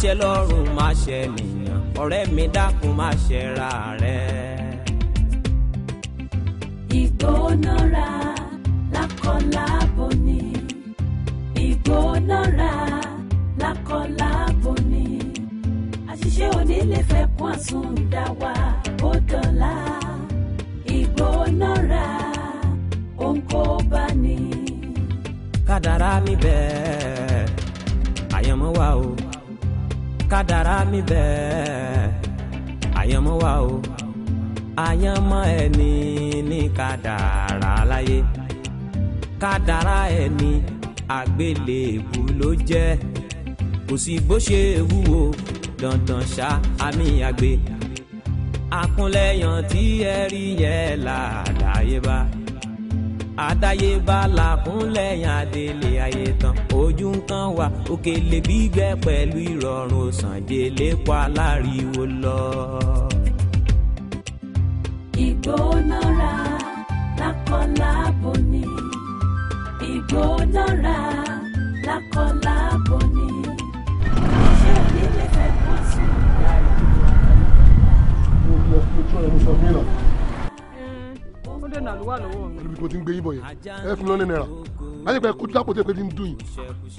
ṣe lọ́rùn má ṣe nìyàn ọ̀rẹ́ mi dákun má ṣe ra. bó ṣe wúwo dandan ṣá àmì àgbè àkúnlẹ̀yàn tí ẹ rí yẹn làdáyébá àdáyébá làkúnlẹ̀yàn adélé ayé tán ojú nǹkan wà òkèlè gbígbẹ pẹ̀lú ìrọ̀rùn sànjẹ́ lẹ́pọ̀ aláriwo lọ. ti ń gbé yín bọ̀ yẹn ẹ fún lọ́lẹ̀ náírà láyé pé kojú dápò tẹ́ pé ti ń dùn yín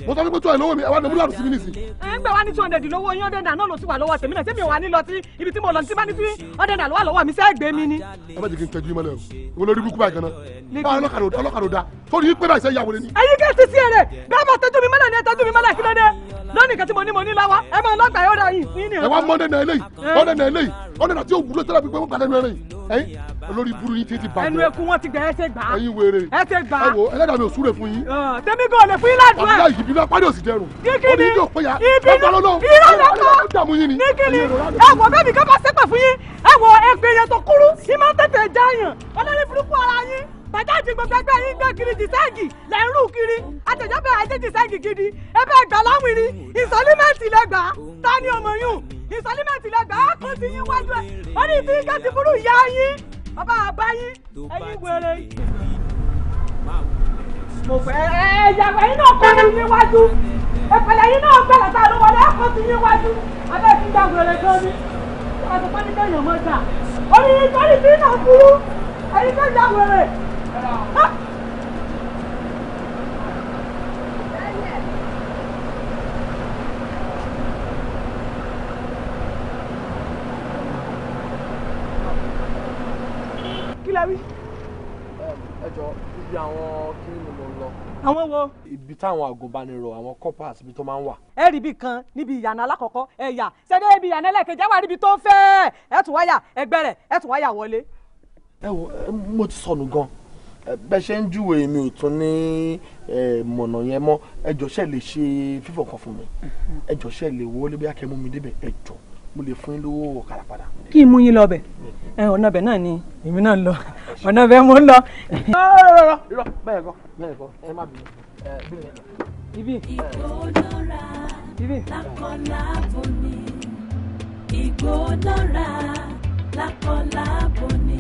mo sọ pé tó àìlówó mi ẹ wá ní múlá sí mi nìsín. ẹ ń gbà wá ní two hundred lọ́wọ́ yín ọ̀dẹ̀ náà ló ti wà lọ́wọ́ tèmi náà tèmi ò wá lọ sí ibi tí mo lọ ní tí ní sí ọ̀dẹ̀ náà lọ́wọ́ lọ́wọ́ mi sẹ́ gbé mi ni. ẹ má kí n tẹ́jú mọ́lẹ̀ o wọ́n lórí búkú báyìí gan lónìí kan tí mo ní mo ní láwa ẹ máa lọ́gbà yóò dá yìí ní ní ọjọ́. ẹ wá mọ́ndé náà eléyìí mọ́ndé náà eléyìí ọ̀nà náà tí yóò wúlò tẹ́lẹ̀ fi gbé wọn gbàdánù ẹ̀rẹ́ yìí ẹ̀yìn olórí burú yìí ti ti bàjẹ́. ẹnu ẹkún wọn ti gbà ẹ́ gbà á yín wèrè. ẹ ti gbà. ẹ wo ẹlẹ́dàá mi ò súre fún yín. tẹ́mi kò lè fún yín ládùúgbò. ọ̀nà ìbínú apáde òsì dẹrùn. kíkìní ìbínú ìrọ̀lẹ́kọ̀. kíkìní ẹ wo bẹ́ẹ̀ni ká bá sẹ́pẹ̀ fún yín. ẹ wo ẹgbẹ́ yẹn tó kúrú. yín máa ń tètè jáyàn. ọlọ́rin burúkú ara yín. bàjá ti gbogbo ẹgbẹ́ yín gbé kiri jìsẹ́ẹ̀gì lẹ̀ ń rù kiri. àtẹ̀jọ́ bẹ̀rẹ̀ ajé jìsẹ́ẹ̀gì gidi. ẹ bẹ́ẹ̀ gbà láwìnrin. ìsọlímẹ́ǹtì lẹ́gbàá. ta ni ọmọ yún? ìsọlímẹ́ǹtì lẹ́gbàá. kò sí yín wájú ẹ̀. ó ní ìfín kẹ́sì burú ìyá yín bàbá àbá yín ẹ̀yin wèrè. mo fẹ́ ẹ̀yàgbẹ́ yín náà kọ́ sí níwájú ìpìlẹ̀ yín náà bẹ̀rẹ̀ tá a ló wọlé ẹ̀kọ́ sí níwájú abẹ́ ti gba wèrè gan ni àti pẹ́ẹ́ni kẹ́yìn mọ́ta orí ìtọ́ni tí náà burú ẹ̀yin tó ya wèrè. àwọn kí ni mo lọ. àwọn wo. ibi táwọn àgùnbánirọ̀ àwọn corpers ibi tó máa ń wà. ẹ rí ibi kan níbi ìyànà alákọ̀ọ́kọ́ ẹ yà sẹ́dẹ̀ ibi ìyànà ẹlẹ́ẹ̀kejì wà níbi tó ń fẹ́ ẹ tún wáyà ẹgbẹ́ ẹ tún wáyà wọlé. ẹ wo mo ti sọnù gan bẹ ṣe ń júwe mi ò tún ní mọ̀nà yẹn mọ́ ẹ ṣe lè ṣe fífọ̀ fún mi ẹ ṣe lè wọlé bí akẹ́mú mi débẹ̀ ẹ mo lè fún yín lówó ọ̀kadà padà. kí n mú yín lọ bẹ ọ̀nà bẹ náà ni èmi náà lọ ọ̀nà bẹ mo ń lọ. irọ́ bẹ́ẹ̀ kọ́ ni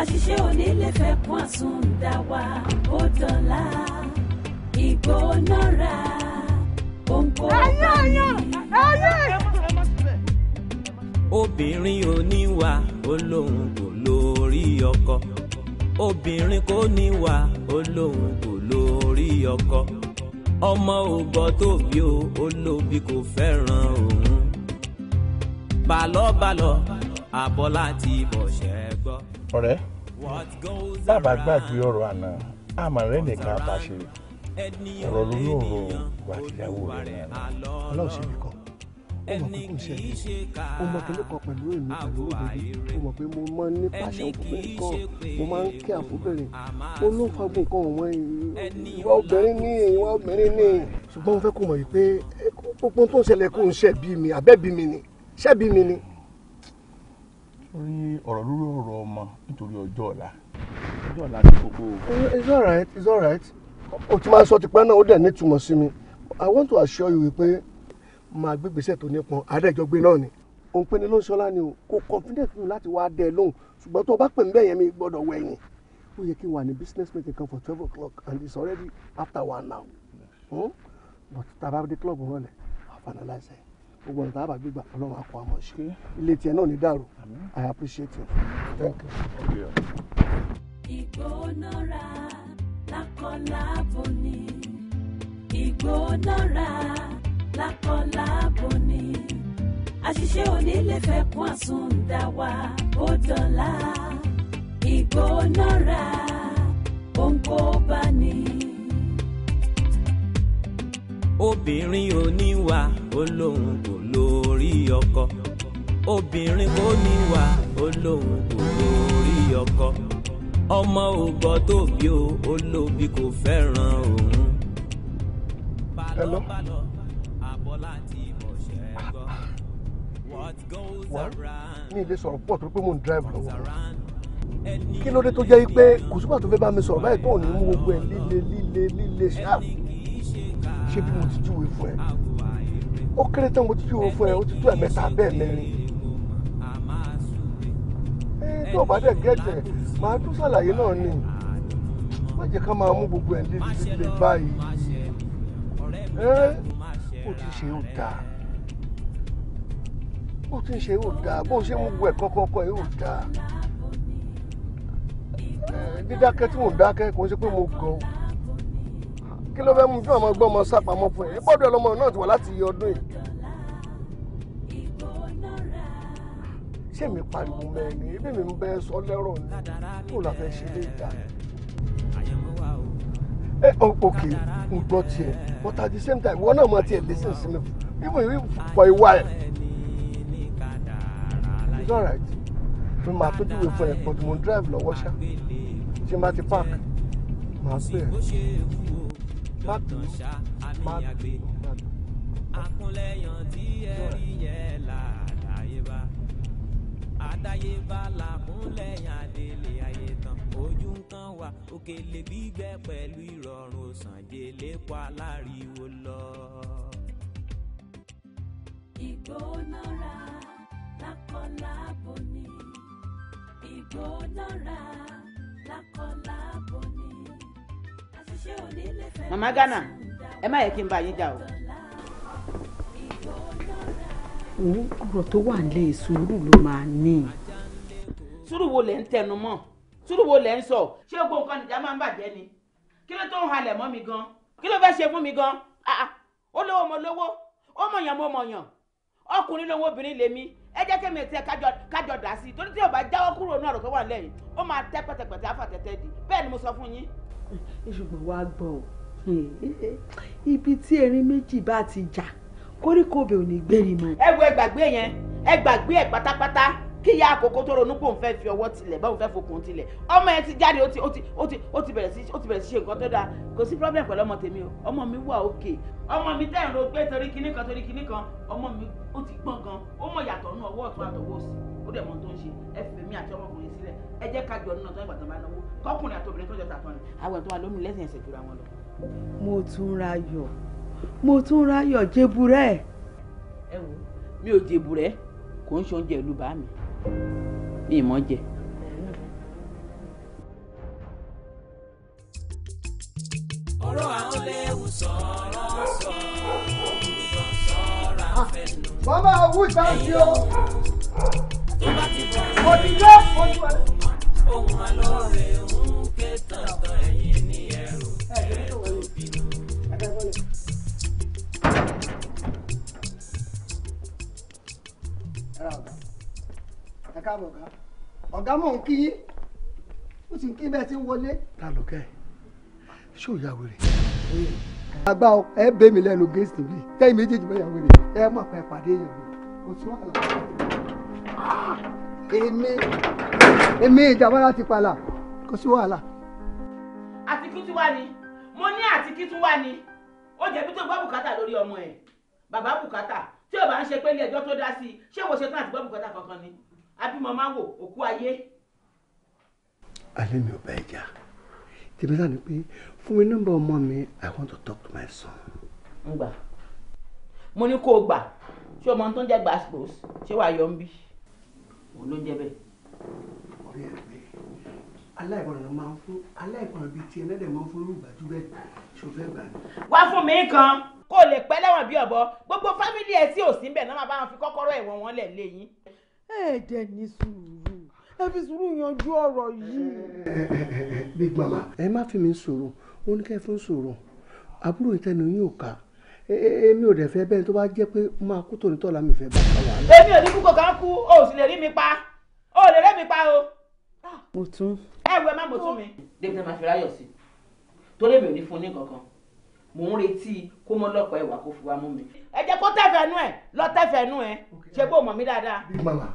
àṣìṣe onílé fẹ́ kún àsundà wa ó dọ̀la ìgbónára òǹkó. ẹyẹ ẹyẹ ẹyẹ obìnrin oníwà olóhùn kò lórí ọkọ obìnrin kò níwà olóhùn kò lórí ọkọ ọmọ ògbọ́ tóbi o olóbi kò fẹ́ràn òun balọ̀balọ̀ àbọ̀ láti bọ̀ ṣẹ́ gbọ́. ọ̀rẹ́ dábàá gbàgbé ọ̀rọ̀ àná àmọ̀rẹ́ nìkan àbàṣe ọ̀rọ̀ lórí ọ̀rọ̀ wà tíyàwó rẹ̀ náà ọlọ́run sì mí kọ́ ó mọ̀ pé kò ṣe ó mọ̀ kíní kan pẹ̀lú èmi pẹ̀lú òbí ó mọ̀ pé mo máa ń ní pàṣẹ òkùnrin kan mo máa ń kí àfúbẹ̀rẹ̀ ó ló ń fagbọn nǹkan ọ̀wọ́n ìwà obìnrin ní ìwà obìnrin ní. ṣùgbọ́n mo fẹ́ kó mọ̀ yìí pé gbogbo tó ń ṣẹlẹ̀ kó ń ṣẹ̀bi mi àbẹ́bi mi ni ṣẹ̀bi mi ni. orí ọ̀rọ̀ lórí ọ̀rọ̀ ọmọ nítorí ọjọ́ ọ̀la ọjọ́ ọ̀la oh, ti kókó. it's alright it's alright o i want to assure you pé máa gbé gbèsè tó nípọn àádẹ́jọ gbé náà ni òun pinni ló ń ṣọlá ni o kò confident nù láti wá dẹ lóhùn ṣùgbọ́n tó o bá pè mí bẹ́ẹ̀ yẹn mi gbọ́dọ̀ wẹ̀yìn ó yẹ kí n wà ní business meeting kan for twelve o'clock and it's already after one now hmm? but tàbá dé club rọlẹ̀ àfanàláṣẹ gbogbo ọ̀nà tàbá gbígbà ọlọ́run àpò àmọ́ ṣe ilé tiẹ̀ náà ní dàrú I appreciate you thank you. ìgbónára lákọlábo ni ìgbónára lákọlábo ni àṣìṣe òní lè fẹ́ kún àsundà wa ó dọ̀la ìgbónára òǹkó bá ní. obìnrin oníwà olóhùn kò lórí ọkọ obìnrin oníwà olóhùn kò lórí ọkọ ọmọ ògbọ́ tóbi o olóbi kò fẹ́ràn òun. hello. wá ní ilé sọ̀rọ̀ pọ̀ tó pé mò ń drive lọ́wọ́ kí ló dé tó jẹ́ pé kò sígbà tó fẹ́ bá mi sọ̀rọ̀ báyìí tó ní mú gbogbo ẹ̀ líle líle líle ṣáà ṣé bí mo ti júwe fún ẹ ó kéré tán mo ti júwe fún ẹ ó ti tó ẹ̀mẹ́ta bẹ́ẹ̀ mẹ́rin ẹ tó o bá dẹ̀ gẹ́tẹ̀ màá tún ṣàlàyé náà ni má jẹ́ ká máa mú gbogbo ẹ̀ líle líle báyìí ẹ ó ti ṣe ó dáa ó ti ń ṣe yóò dáa bó ṣe ń wẹ̀ kọ́kọ́kọ́ yóò dáa dídákẹ́ tí mò dákẹ́ kò ń ṣe pé mo gọ̀ ọ́ kí ló fẹ́ mú bí ọmọ ẹgbẹ́ ọmọ sápamọ́ fún ẹ bọ́dọ̀ ọlọmọ náà ti wà láti iye ọdún yìí. ṣé mi pariwo mẹ́rin ebi mi ń bẹ́ sọ lẹ́rọ̀ ni kó la fẹ́ ṣe lé ìdá. ẹ ọ òkè ń gbọ́ tiẹ̀ but at the same time ìwọ náà máa tiẹ̀ lè sìn sí mi fún ìwọ ìwà ẹ̀ it's alright mi máa tójú ìwé fún ẹ but mo ń drive lọ́wọ́ ṣá ṣé má park máa pè ẹ́ má bì í má bì í má bì í. akunlẹ̀yàn tí ẹ rí yẹn là àdáyébá àdáyébá làkúnlẹ̀yàn àdélé ayé tán òkèlè gbígbẹ pẹ̀lú ìrọ̀rùn òsànjẹ lẹ́pọ̀ aláriwo lọ. ìgbónára. mama ni Ghana ẹ má yẹ kí n bá yín o. òun tó wà nílẹ̀ sùúrù ló máa ní. sùúrù wo le ń tẹnu mọ́ sùúrù wo le ń sọ ṣé nǹkan nìjà máa ń bàjẹ́ ni kí ló tó ń halẹ̀ mi gan kí ló fẹ́ ṣe fún mi gan ó lówó mo lówó ó mọ̀yàn mo mọ̀yàn ẹ jẹ́ kí èmi ti ẹ kájọ dà sí i torí tí yóò bá jáwọ́ kúrò náà rò pé wà lẹ́yìn ó máa tẹ́ pẹ̀tẹ̀pẹ̀tẹ̀ àfàtẹ́tẹ́ di bẹ́ẹ̀ ni mo sọ fún yín. ṣùgbọ́n wá gbọ́ o ibi tí erin méjì bá ti jà koríko bẹ̀ ò ní mọ́. ẹ wo ẹ yẹn ẹ ẹ pátápátá kí ìyá àkókò tó ronú pòun fẹ́ fi ọwọ́ tilẹ̀ báwo fẹ́ fokùn tilẹ̀ ọmọ ẹ ti jáde ó ti ó ti ó ti ó ti bẹ̀rẹ̀ sí ó ti bẹ̀rẹ̀ sí ṣe nǹkan tó dáa kò sí problem pẹ̀lú ọmọ tèmi o ọmọ mi wà òkè ọmọ mi tẹ̀ ń ro pé torí kinní kan torí kinní kan ọmọ mi ó ti gbọ́n gan ó mọ̀ yàtọ̀ nù ọwọ́ ọ̀tún àtọwọ́ òsì ó dẹ̀ mọ̀ tó ń ṣe ẹ fi èmi àti ọmọkùnrin sílẹ̀ ẹ jẹ́ ká jọ nínú ọ̀tọ́ ìgbà tó bá náwó kọkùnrin àti obìnrin tó jọ tàtọ́ ni àwọn ẹ̀tọ́ wa lómi lẹ́sìn ẹ̀sẹ̀ jura wọn lọ. mo tún rayọ̀ mo tún rayọ̀ jẹ́burẹ́. ẹ wo mi ò jẹ́burẹ́ kò ìmọ̀ jẹ. ọ̀rọ̀ àwọn léwu sọ̀rọ̀ sọ̀rọ̀ àfẹnù. wọ́n máa ìta sí o. tó bá ti bọ̀ sí i. mo ti gbé ojú ẹ. ohun alóore ń ké tọ̀tọ̀ ẹ̀yìn ní ẹrù ẹ̀rù bínú. Gracias ẹ káàbọ̀ ọ̀gá ọ̀gá mò ń kí yín ó sì ń kí bẹ́ẹ̀ ti ń wọlé. ta ló kẹ́ ẹ ṣé ò ya wèrè. àgbà ẹ bẹ́ mi lẹ́nu gẹ̀ẹ́sì mi tẹ́yìn méjèèjì bẹ́ẹ̀ ya wèrè ẹ mọ̀ pé pàdé yẹn kò tún wà lọ́wọ́ èmi èmi ìjàmbá láti palà kò sí wàhálà. àti kí tún wá ni mo ní àti kí tún wá ni ó jẹ̀bi tó gbọ́ bùkátà lórí ọmọ ẹ̀ bàbá bùkátà tí ò bá ń ṣe pé ilé ẹjọ́ tó dá sí i ṣé wo ṣe tán àti gbọ́ bùkátà kankan ni abímọ máa wò òkú ayé. alẹ́ mi ò bá ẹ jà tèmi sáà ni pé fún mi nọ́mbà ọmọ mi i want to talk to my son. ń gbà mo ní kó o gbà ṣé ọmọ tó ń jẹ́ gbàgbọ́ ṣé wàá yọ ń bí òun ló ń jẹ bẹ́ẹ̀. ọ̀rẹ́ ẹ̀ pé aláìgbọràn máa ń fún aláìgbọràn bíi ti ẹlẹ́dẹ̀ máa ń fún irú ìgbàjú bẹ́ẹ̀ ṣòfẹ́ gbà ní. wá fún mi kan kó o lè pẹ́ lẹ́wọ̀n bí ọ̀bọ gbogbo fámìlì ẹ̀ sí òsínbẹ̀ náà máa bá wọn fi kọ́kọ́rọ́ ẹ̀wọ̀n wọn lẹ̀ lé ẹ dẹ̀ ní sùúrù ẹ fi sùúrù yanjú ọ̀rọ̀ yìí. big mama ẹ má fi mi sọ̀rọ̀ ó ní kẹ́ ẹ fún sọ̀rọ̀ àbúrò ìtẹnu yín ò ká èmi ò dẹ̀ fẹ́ bẹ́ẹ̀ tó bá jẹ́ pé máa kú tòní tọ́lá mi fẹ́ bá a wà. èmi ò ní kú kankan kú o ò sì lè rí mi pa o ò lè rí mi pa o. mo tún. ẹ wẹ má mo tún mi. débi tí a máa fi ráyọ̀ sí torí èmi ò ní fún un ní kankan mò ń retí kó mọ́ lọ́pọ̀ ẹ̀wà kó fi wá mú mi. ẹ jẹ́ kó tẹ̀fẹ̀ nú ẹ̀ lọ tẹ̀fẹ̀ nú ẹ̀ ṣé bó mọ̀ mí dáadáa. big mama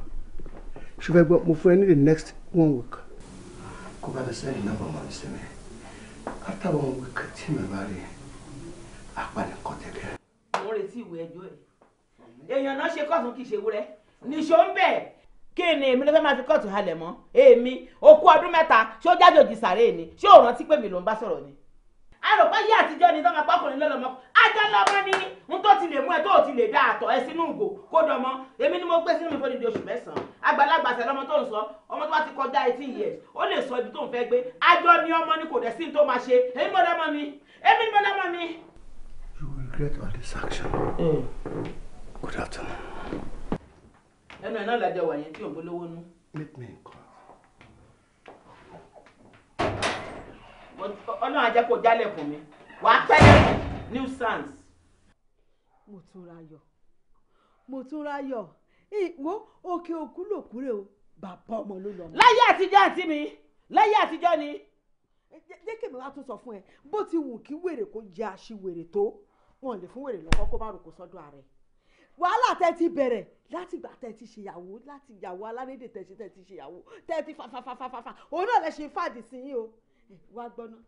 ṣùgbọ́n ẹgbẹ́ mo fún ẹ ní the next one week. kó bá lọ sẹ́yìn náà bọ̀ mọ́ ní sẹ́mi after one week tí mi bá rí apàdé kan tẹ̀lé. mò ń retí ìwé ẹjọ́ ẹ̀ èèyàn náà ṣe kọ́sùn kì í ṣe wúrẹ́ níṣó ń bẹ̀ kí ni èmi ló fẹ́ máa fi kọ́ọ̀tù halẹ̀ mọ́ èmi okú ọdún mẹ́ta ṣó jájòjì sàré ni ṣó rántí pé mi ló ń bá sọ̀rọ̀ ni àròpá yé àtijọ́ ni tọ́ka pọ́kùnrin lọ́lọ́mọ ajá lọ́mọ ni n tó ti lè mú ẹ tó ti lè dá àtọ̀ ẹ sínú ìgò kó dọmọ èmi ni mo gbé sínú ìfọ́ni di oṣù mẹ́sàn-án àgbàlagbà sẹ lọ́mọ tó ń sọ ọmọ tó bá ti kọjá eighteen years ó lè sọ ibi tó ń fẹ́ gbé ajọ́ ni ọmọ ni kò dẹ̀ sí tó máa ṣe èmi mo dọ́mọ mi èmi mo dọ́mọ mi. you will regret all this action. good afternoon. ẹnu ẹ̀ náà lajọ wà yẹn tí ò ń bolówó nú. meet me in ọlọ́run ajẹ́ kó jálẹ̀kùn mi wàá tẹ́lẹ̀ new sans. mo tún ra yọ mo tún ra yọ ìwọ òkè òkú lòkúrè o bàbá ọmọ ló lọ. láyé àtijọ́ àti mi láyé àtijọ́ ni. jẹ́ kí èmi wá tún sọ fún ẹ bó ti wù kí wèrè kó jẹ àṣìwèrè tó wọn lè fún wèrè lọ́kọ́ kó má roko sọ́dọ̀ ààrẹ wàhálà tẹ ti bẹ̀rẹ̀ láti ìgbà tẹ ti ṣèyàwó láti ìyàwó alárédè tẹ ti tẹ ti ṣèyàwó tẹ ti fàfàfàfàfà òun náà lè ṣe fàdí sí yín o wá gbọ́ná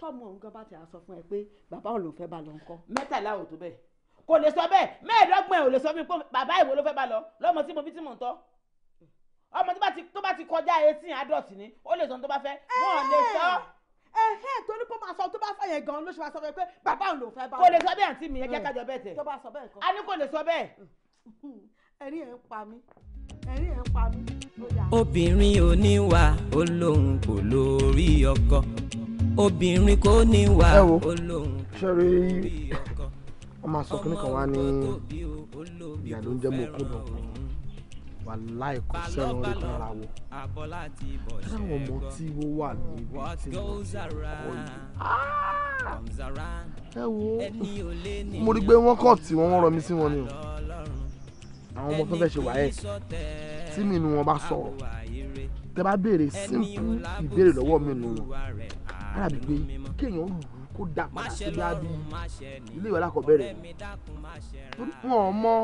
tọ́mọ òun gan bá ti sọ fún ẹ pé bàbá òun ló fẹ́ bá lọ ńkọ́. mẹ́tàlá ò tó bẹ́ẹ̀ kò lè sọ bẹ́ẹ̀ mẹ́ẹ̀ẹ́dọ́gbọ̀n ò lè sọ fún mi pé bàbá ìwọ ló fẹ́ bá lọ lọ́mọ tí mo bí tí mò ń tọ́ ọmọ tó bá ti kọjá eighteen adult ni ó lè sọ tó bá fẹ́ wọn ò lè sọ ẹhẹ́ torí kó máa sọ tó bá fẹ́ yẹn gan ló ṣe máa sọ fẹ́ pé bàbá òun ló fẹ́ bá wọn. kò lè sọ bẹ́ẹ̀ àǹtí mi ẹ jẹ́ ká jọ bẹ́ẹ̀ tẹ̀. tó bá sọ bẹ́ẹ̀ kọ́ obìnrin ò ní wa ó lóun kò lórí ọkọ obìnrin kò ní wà ó lóun kò lórí ọkọ ọmọ sọ kí nìkan wá ní ìyá ló ń jẹ́ mọ́ kúndùn wà láì kó sẹ́wọ̀n rí kan wọ táwọn ọmọ tí wọ́n wà níbi tí wọ́n ti kọ́ yìí ẹ wo mo rí i pé wọ́n kàn tí wọ́n rọ mi sí wọn ni o àwọn ọmọ tó fẹ́ ṣe wáyé tí mi nu wọn bá sọ̀rọ̀ tẹ bá béèrè simple ìbéèrè lọ́wọ́ mi nu wọn alábi kéèyàn lù ú kó dà padà sí lábí ilé ìwé alákọ̀ọ́bẹ̀rẹ̀ wọn ò mọ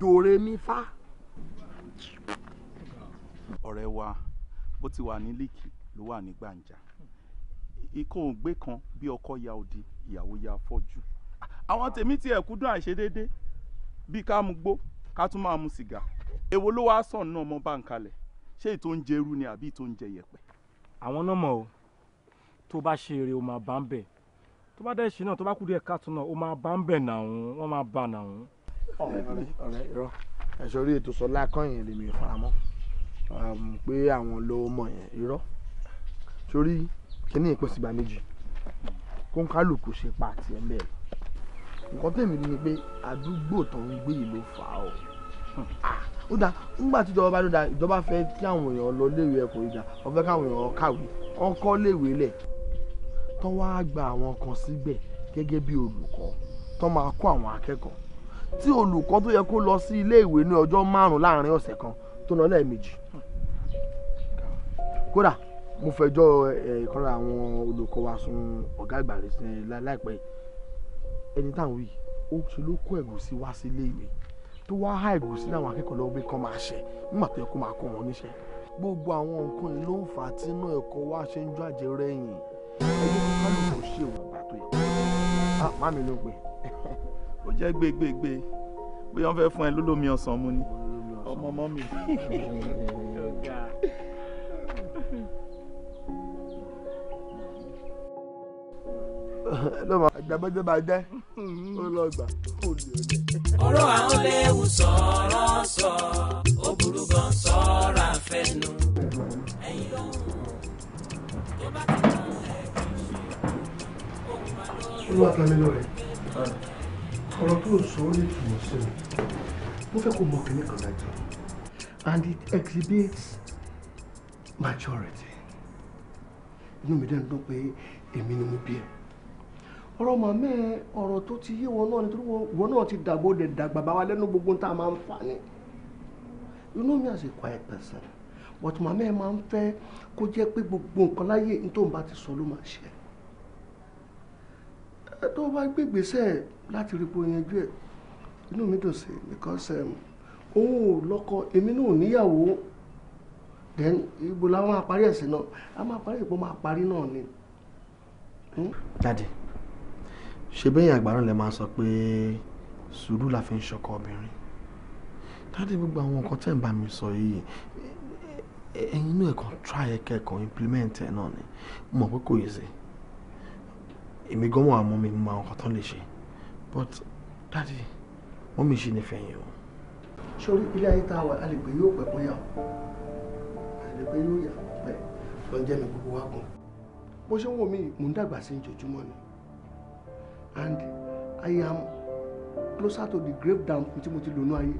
dòrèmífà. ọ̀rẹ́ wa bó ti wà ní líìkì ló wà ní gbàǹjà ikọ̀ ògbé kan bí ọkọ ya òdì ìyàwó ya fọ́jú àwọn tèmi ti ẹ̀kú dùn àìṣedéédé bíi ká mú gbó ká tún máa mu sìgá èwo ló wáá sàn náà mọ báńkalẹ̀ ṣé ètò ń jẹrú ni àbí ètò ń jẹ yẹ̀pẹ̀. àwọn náà mọ̀ o tó bá ṣe eré o máa bá ń bẹ̀ tó bá dẹ̀ ṣe náà tó bá kú díẹ̀ káàtó náà o máa bá ń bẹ̀ nàún wọ́n máa bá nàún. ọ̀rẹ́ ọ̀rẹ́ irọ́ ẹ̀ṣọ́ orí ètò sọlá kọ́yìn lèmi faramọ́ pé àwọn ló mọ̀ yẹn irọ́ sórí kíní ìpínsìgbà méjì kó ń kálukú ṣe pa àti ẹ̀ mẹ́rin nǹkan tẹ̀mí rí ni pé àdúgbò tó ń gbé yìí ló fà á o hmm. ah, ó dá nígbà tí ìjọba bá dúdà ìjọba fẹ́ kí àwọn èèyàn lọ léèwé ẹ̀kọ́ ìdá wọ́n fẹ́ káwọn èèyàn kàwé wọ́n kọ́ léèwé lẹ̀ tó wá gba àwọn kan síbẹ̀ gẹ́gẹ́ bí olùkọ́ tó máa kó àwọn akẹ́kọ̀ọ́ tí olùkọ́ tó yẹ kó lọ sí ilé ìwé ní ọjọ́ márùn-ún láàrin ọ̀sẹ̀ kan tó lọ lẹ́ẹ̀mejì kódà mo fẹjọ́ ìkànnì àwọn olùkọ́ wa sùn ọ̀gá àgbà rẹ̀ sí láìpẹ́ yìí ẹni tá à ń wí ó ṣe ló kó ẹ̀gúsí wá sí ilé mi tó wá há ẹ̀gúsí láwọn akẹ́kọ̀ọ́ lọ́wọ́ pé kán máa ṣe nígbà tó yẹ kó máa kọ́ wọn níṣẹ́ gbogbo àwọn nǹkan yìí ló ń fà á tí inú ẹ̀kọ́ wa ṣe ń jó àjẹrẹ́ yìí ẹgbẹ́ kíkọ́ ló kò ṣe òun àgbà tó yẹ. Ah, má mi ló pè. ó jẹ́ gbégbégbé bóyá wọ́n fẹ́ fún ẹ lólómi ọsàn mu ni ọmọ mọ́ mi. ló máa gbàgbọ́dọ̀ máa jẹ́ ó lọ gbà ó lè ọjẹ́. ọ̀rọ̀ àwọn léwu sọ̀rọ̀ sọ ó burú gan sọ̀rọ̀ àfẹnu ẹ̀yin lọ́hùn tó bá ti tán ẹ̀ ṣe òun máa lọ́ọ́. olúwa tàmí lọ́rẹ̀ ọ̀rọ̀ tó sọ ó lè túmọ̀ sí mi mo fẹ́ kó mọ kínní kan lájọ and it exhibits maturity inú mi dẹ́nu dún pé èmi ni mo bí ẹ̀ ọ̀rọ̀ màmá ẹ ọ̀rọ̀ tó ti yé wọn náà nítorí wọn náà ti dàgbò dẹ̀ dàgbà bá wa lẹ́nu gbogbo tá a máa ń fà ní. you know me as a quiet person but màmá ẹ máa ń fẹ́ kó jẹ́ pé gbogbo nǹkan láyé nítorí bá ti sọ ló máa ṣe. ẹ tó bá gbé ìgbésẹ̀ láti rí ipò yẹn jù ẹ inú mi dùn sí because um, òun ò lọ́kọ èmi náà ò níyàwó then ibo la máa ẹ̀sìn náà a máa parí ìpò máa parí náà ni. Hmm? jáde. Hmm? ṣe bẹ́yìn àgbà náà lè máa sọ pé sùúrù la fi ń ṣọkọ obìnrin dáàdì gbogbo àwọn nǹkan tẹ́ ń bá mi sọ yìí ẹ̀yin inú ẹ̀kan try ẹ̀ kẹ́kọ̀ọ́ implement ẹ̀ náà ni mo mọ̀ pé kò yẹ sí èmi gan wà mọ́ mi mọ àwọn nǹkan tán lè ṣe but dáàdì wọ́n mi ṣe nífẹ̀ẹ́ yẹn o. sórí ilé ayé tá a wà a lè pè yóò pẹ́ bóyá o a lè pè yóò yà pẹ́ lọ́jọ́ mi gbogbo wa kan bó ṣe ń wò mí mò ń dàgbà sí ojoojúmọ́ ni and I am closer to the grave than n tí mo ti lò nú ayé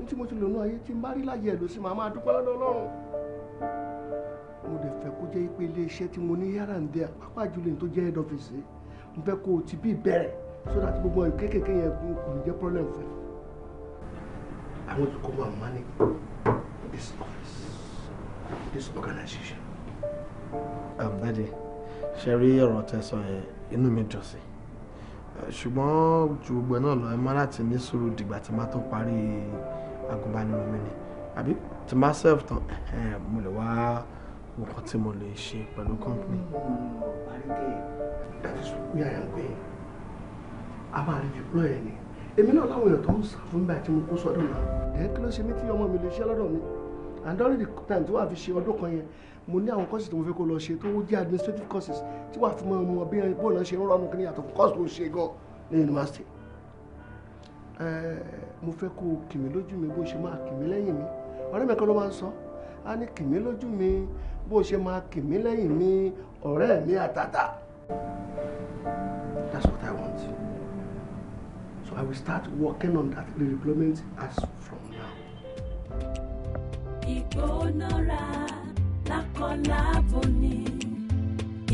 n tí mo ti lò nú ayé tí n bá rí láyé ẹ̀ ló sì máa máa dúpẹ́ lọ́dọ̀ Ọlọ́run mo dẹ̀ fẹ́ kó jẹ́ pé iléeṣẹ́ tí mo ní yàrá ń dẹ àpapọ̀ àjùlé tó jẹ́ head office n fẹ́ kó o ti bí bẹ̀rẹ̀ so that gbogbo ẹ̀ kéékèèké yẹn kò ní jẹ́ problem fẹ́ I want to come and manage this office this organization. Um, Daddy, ṣe rí ọ̀rọ̀ tẹ́ sọ yẹn inú mi dùn sí i ṣùgbọ́n ju gbogbo ẹ̀ náà lọ ẹ má láti ní sùúrù dìgbà tí má tó parí agùnbánirọ̀ mi ni àbí tí má self tán mo lè wá nǹkan tí mo lè ṣe pẹ̀lú company. a máa rí deploy ẹ ni èmi náà láwọn èèyàn tó ń sá fún báyìí mo kó sọ́dọ̀ náà. ẹ kí ló ṣe mí tí ọmọ mi lè ṣe lọ́dọ̀ mi and already time tí wàá fi ṣe ọdún kan yẹn mo ní àwọn courses tó fẹ́ kó lọ ṣe tó jẹ́ administrative courses tí wàá fi mọ ọmọ bí bọ́ọ̀lù ṣe ń rọrùn kìnìyà tó course tó ṣe gan ní yunifásitì mo fẹ́ kó o lójú mi bó ṣe máa kì lẹ́yìn mi ọ̀rẹ́ mi kan ló máa ń sọ á ní kì lójú mi bó ṣe máa kì lẹ́yìn mi ọ̀rẹ́ mi àtàtà. That's what I want. So I will start working on that redeployment as from now. ìgbónára lákọlábo ni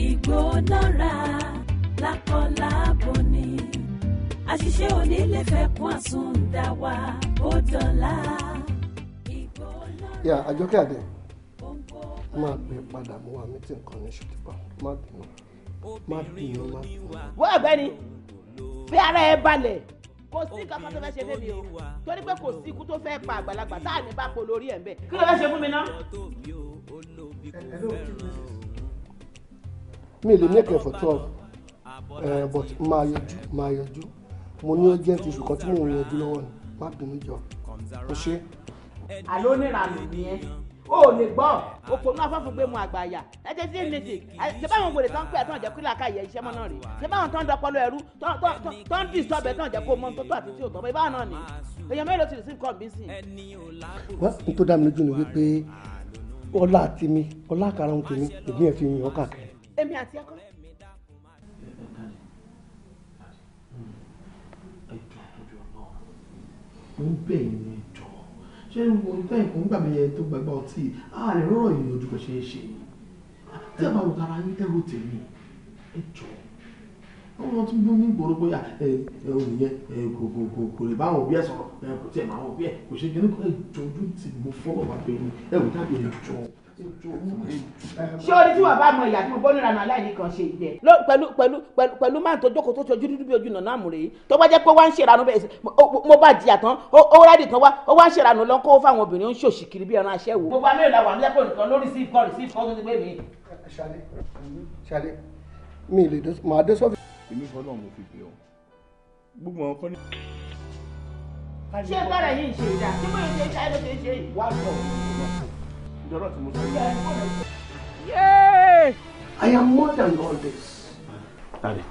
ìgbónára lákọlábo ni àṣìṣe òní fẹ́ kún àsúndà ó dọ̀la ìgbónára. yà àjọkẹ́ àdé máa pè padà mú wa mítí nǹkan ní ṣùtìpá má bínú má bínú má bínú. wọ́n ọ̀gbẹ́ni fi ara ẹ balẹ̀ kò sí nǹkan fẹ́ ṣe fún mi o torí pé kò sí ikú tó fẹ́ pa àgbàlagbà táà ní bá polo ẹ̀ ń bẹ̀. kí ló fẹ́ ṣe fún mi ná mi lè make it for twelve eh, but máa yọjú máa yọjú mo ní urgent issue kan tí mò ń yọjú lọ́wọ́ ni má bínú jọ ó ṣe. àló nìranù nìyẹn o ò lè gbọ́ òpònú afọ́fún gbé mu àgbàyà ẹ̀jẹ̀ sí ènìjì ṣé báwọn wòlé tán pé àtọ́ ọ̀jẹ̀ kí làákà yẹ iṣẹ́ mọ́ náà rè ṣé báwọn tán dọpọlọ ẹrú tán dì sọ́ọ̀bẹ̀ tán ọ̀jẹ̀ kó mọ́ tó tó àti tí ò tọ́ bẹ́ẹ̀ báwọn náà nì èèyàn mélòó ti rìsíìkọ́ mi sí. wọ́n tó dá mi lójú ni wípé ọlá tèmi ọlá karùn tèmi èmi ẹ fi yàn ọ káàkiri. èmi àti ẹkọ. mo ń bẹ̀ yín ní ìjọ ṣé mo ní táyì kan gbàgbé yẹn tó gbàgbá ọtí àárẹ̀ rọ̀rọ̀ ìyẹn ojú kan ṣe ṣe tí a bá wò tara yín ẹrù tèmi ẹ jọ̀ọ́ wọ́n tún bú ní ìgboro pé olùyẹn kò kò kò kò lè bá àwọn òbí ẹ̀ sọ̀rọ̀ kò tiẹ̀ mọ àwọn òbí ẹ̀ kò ṣe jẹ́ nípa ẹ̀jọ̀ ojú ti mo fọ́lọ̀ wá pé ẹ wò dábì ẹ̀jọ̀ ṣé o ní tí wàá bá mọ ìyá tí mo bọ́ nira nà aláìní kan ṣe ìgbẹ́. pẹ̀lú pẹ̀lú pẹ̀lú máa tó jókòó tó ṣojú dúdú bí ojú nàná àmúre yìí tó bá jẹ́ pé wá ń ṣèrànú bẹ́ẹ̀ mo bá jìyà tán ó rádì tán wá ó wá ń ṣèrànú lọ́n kó fáwọn obìnrin ó ń ṣòṣì kiri bí ẹran aṣẹ́wó. gbogbo amẹ́rin la wà ní nìkan lórí sí ìkọ́ sí ìkọ́ tó ti gbé mi. mi ì èmi fọlọ́ mo fi bẹ̀ ọ́ gbogbo àwọn kọ́ni. ṣé gbọ́dọ̀ yìí ṣe ìdá tí mo ṣe ṣe ló ṣe ṣe ìwà pọ̀ ìjọba tí mo sọ yìí. I am more than all this. Dade,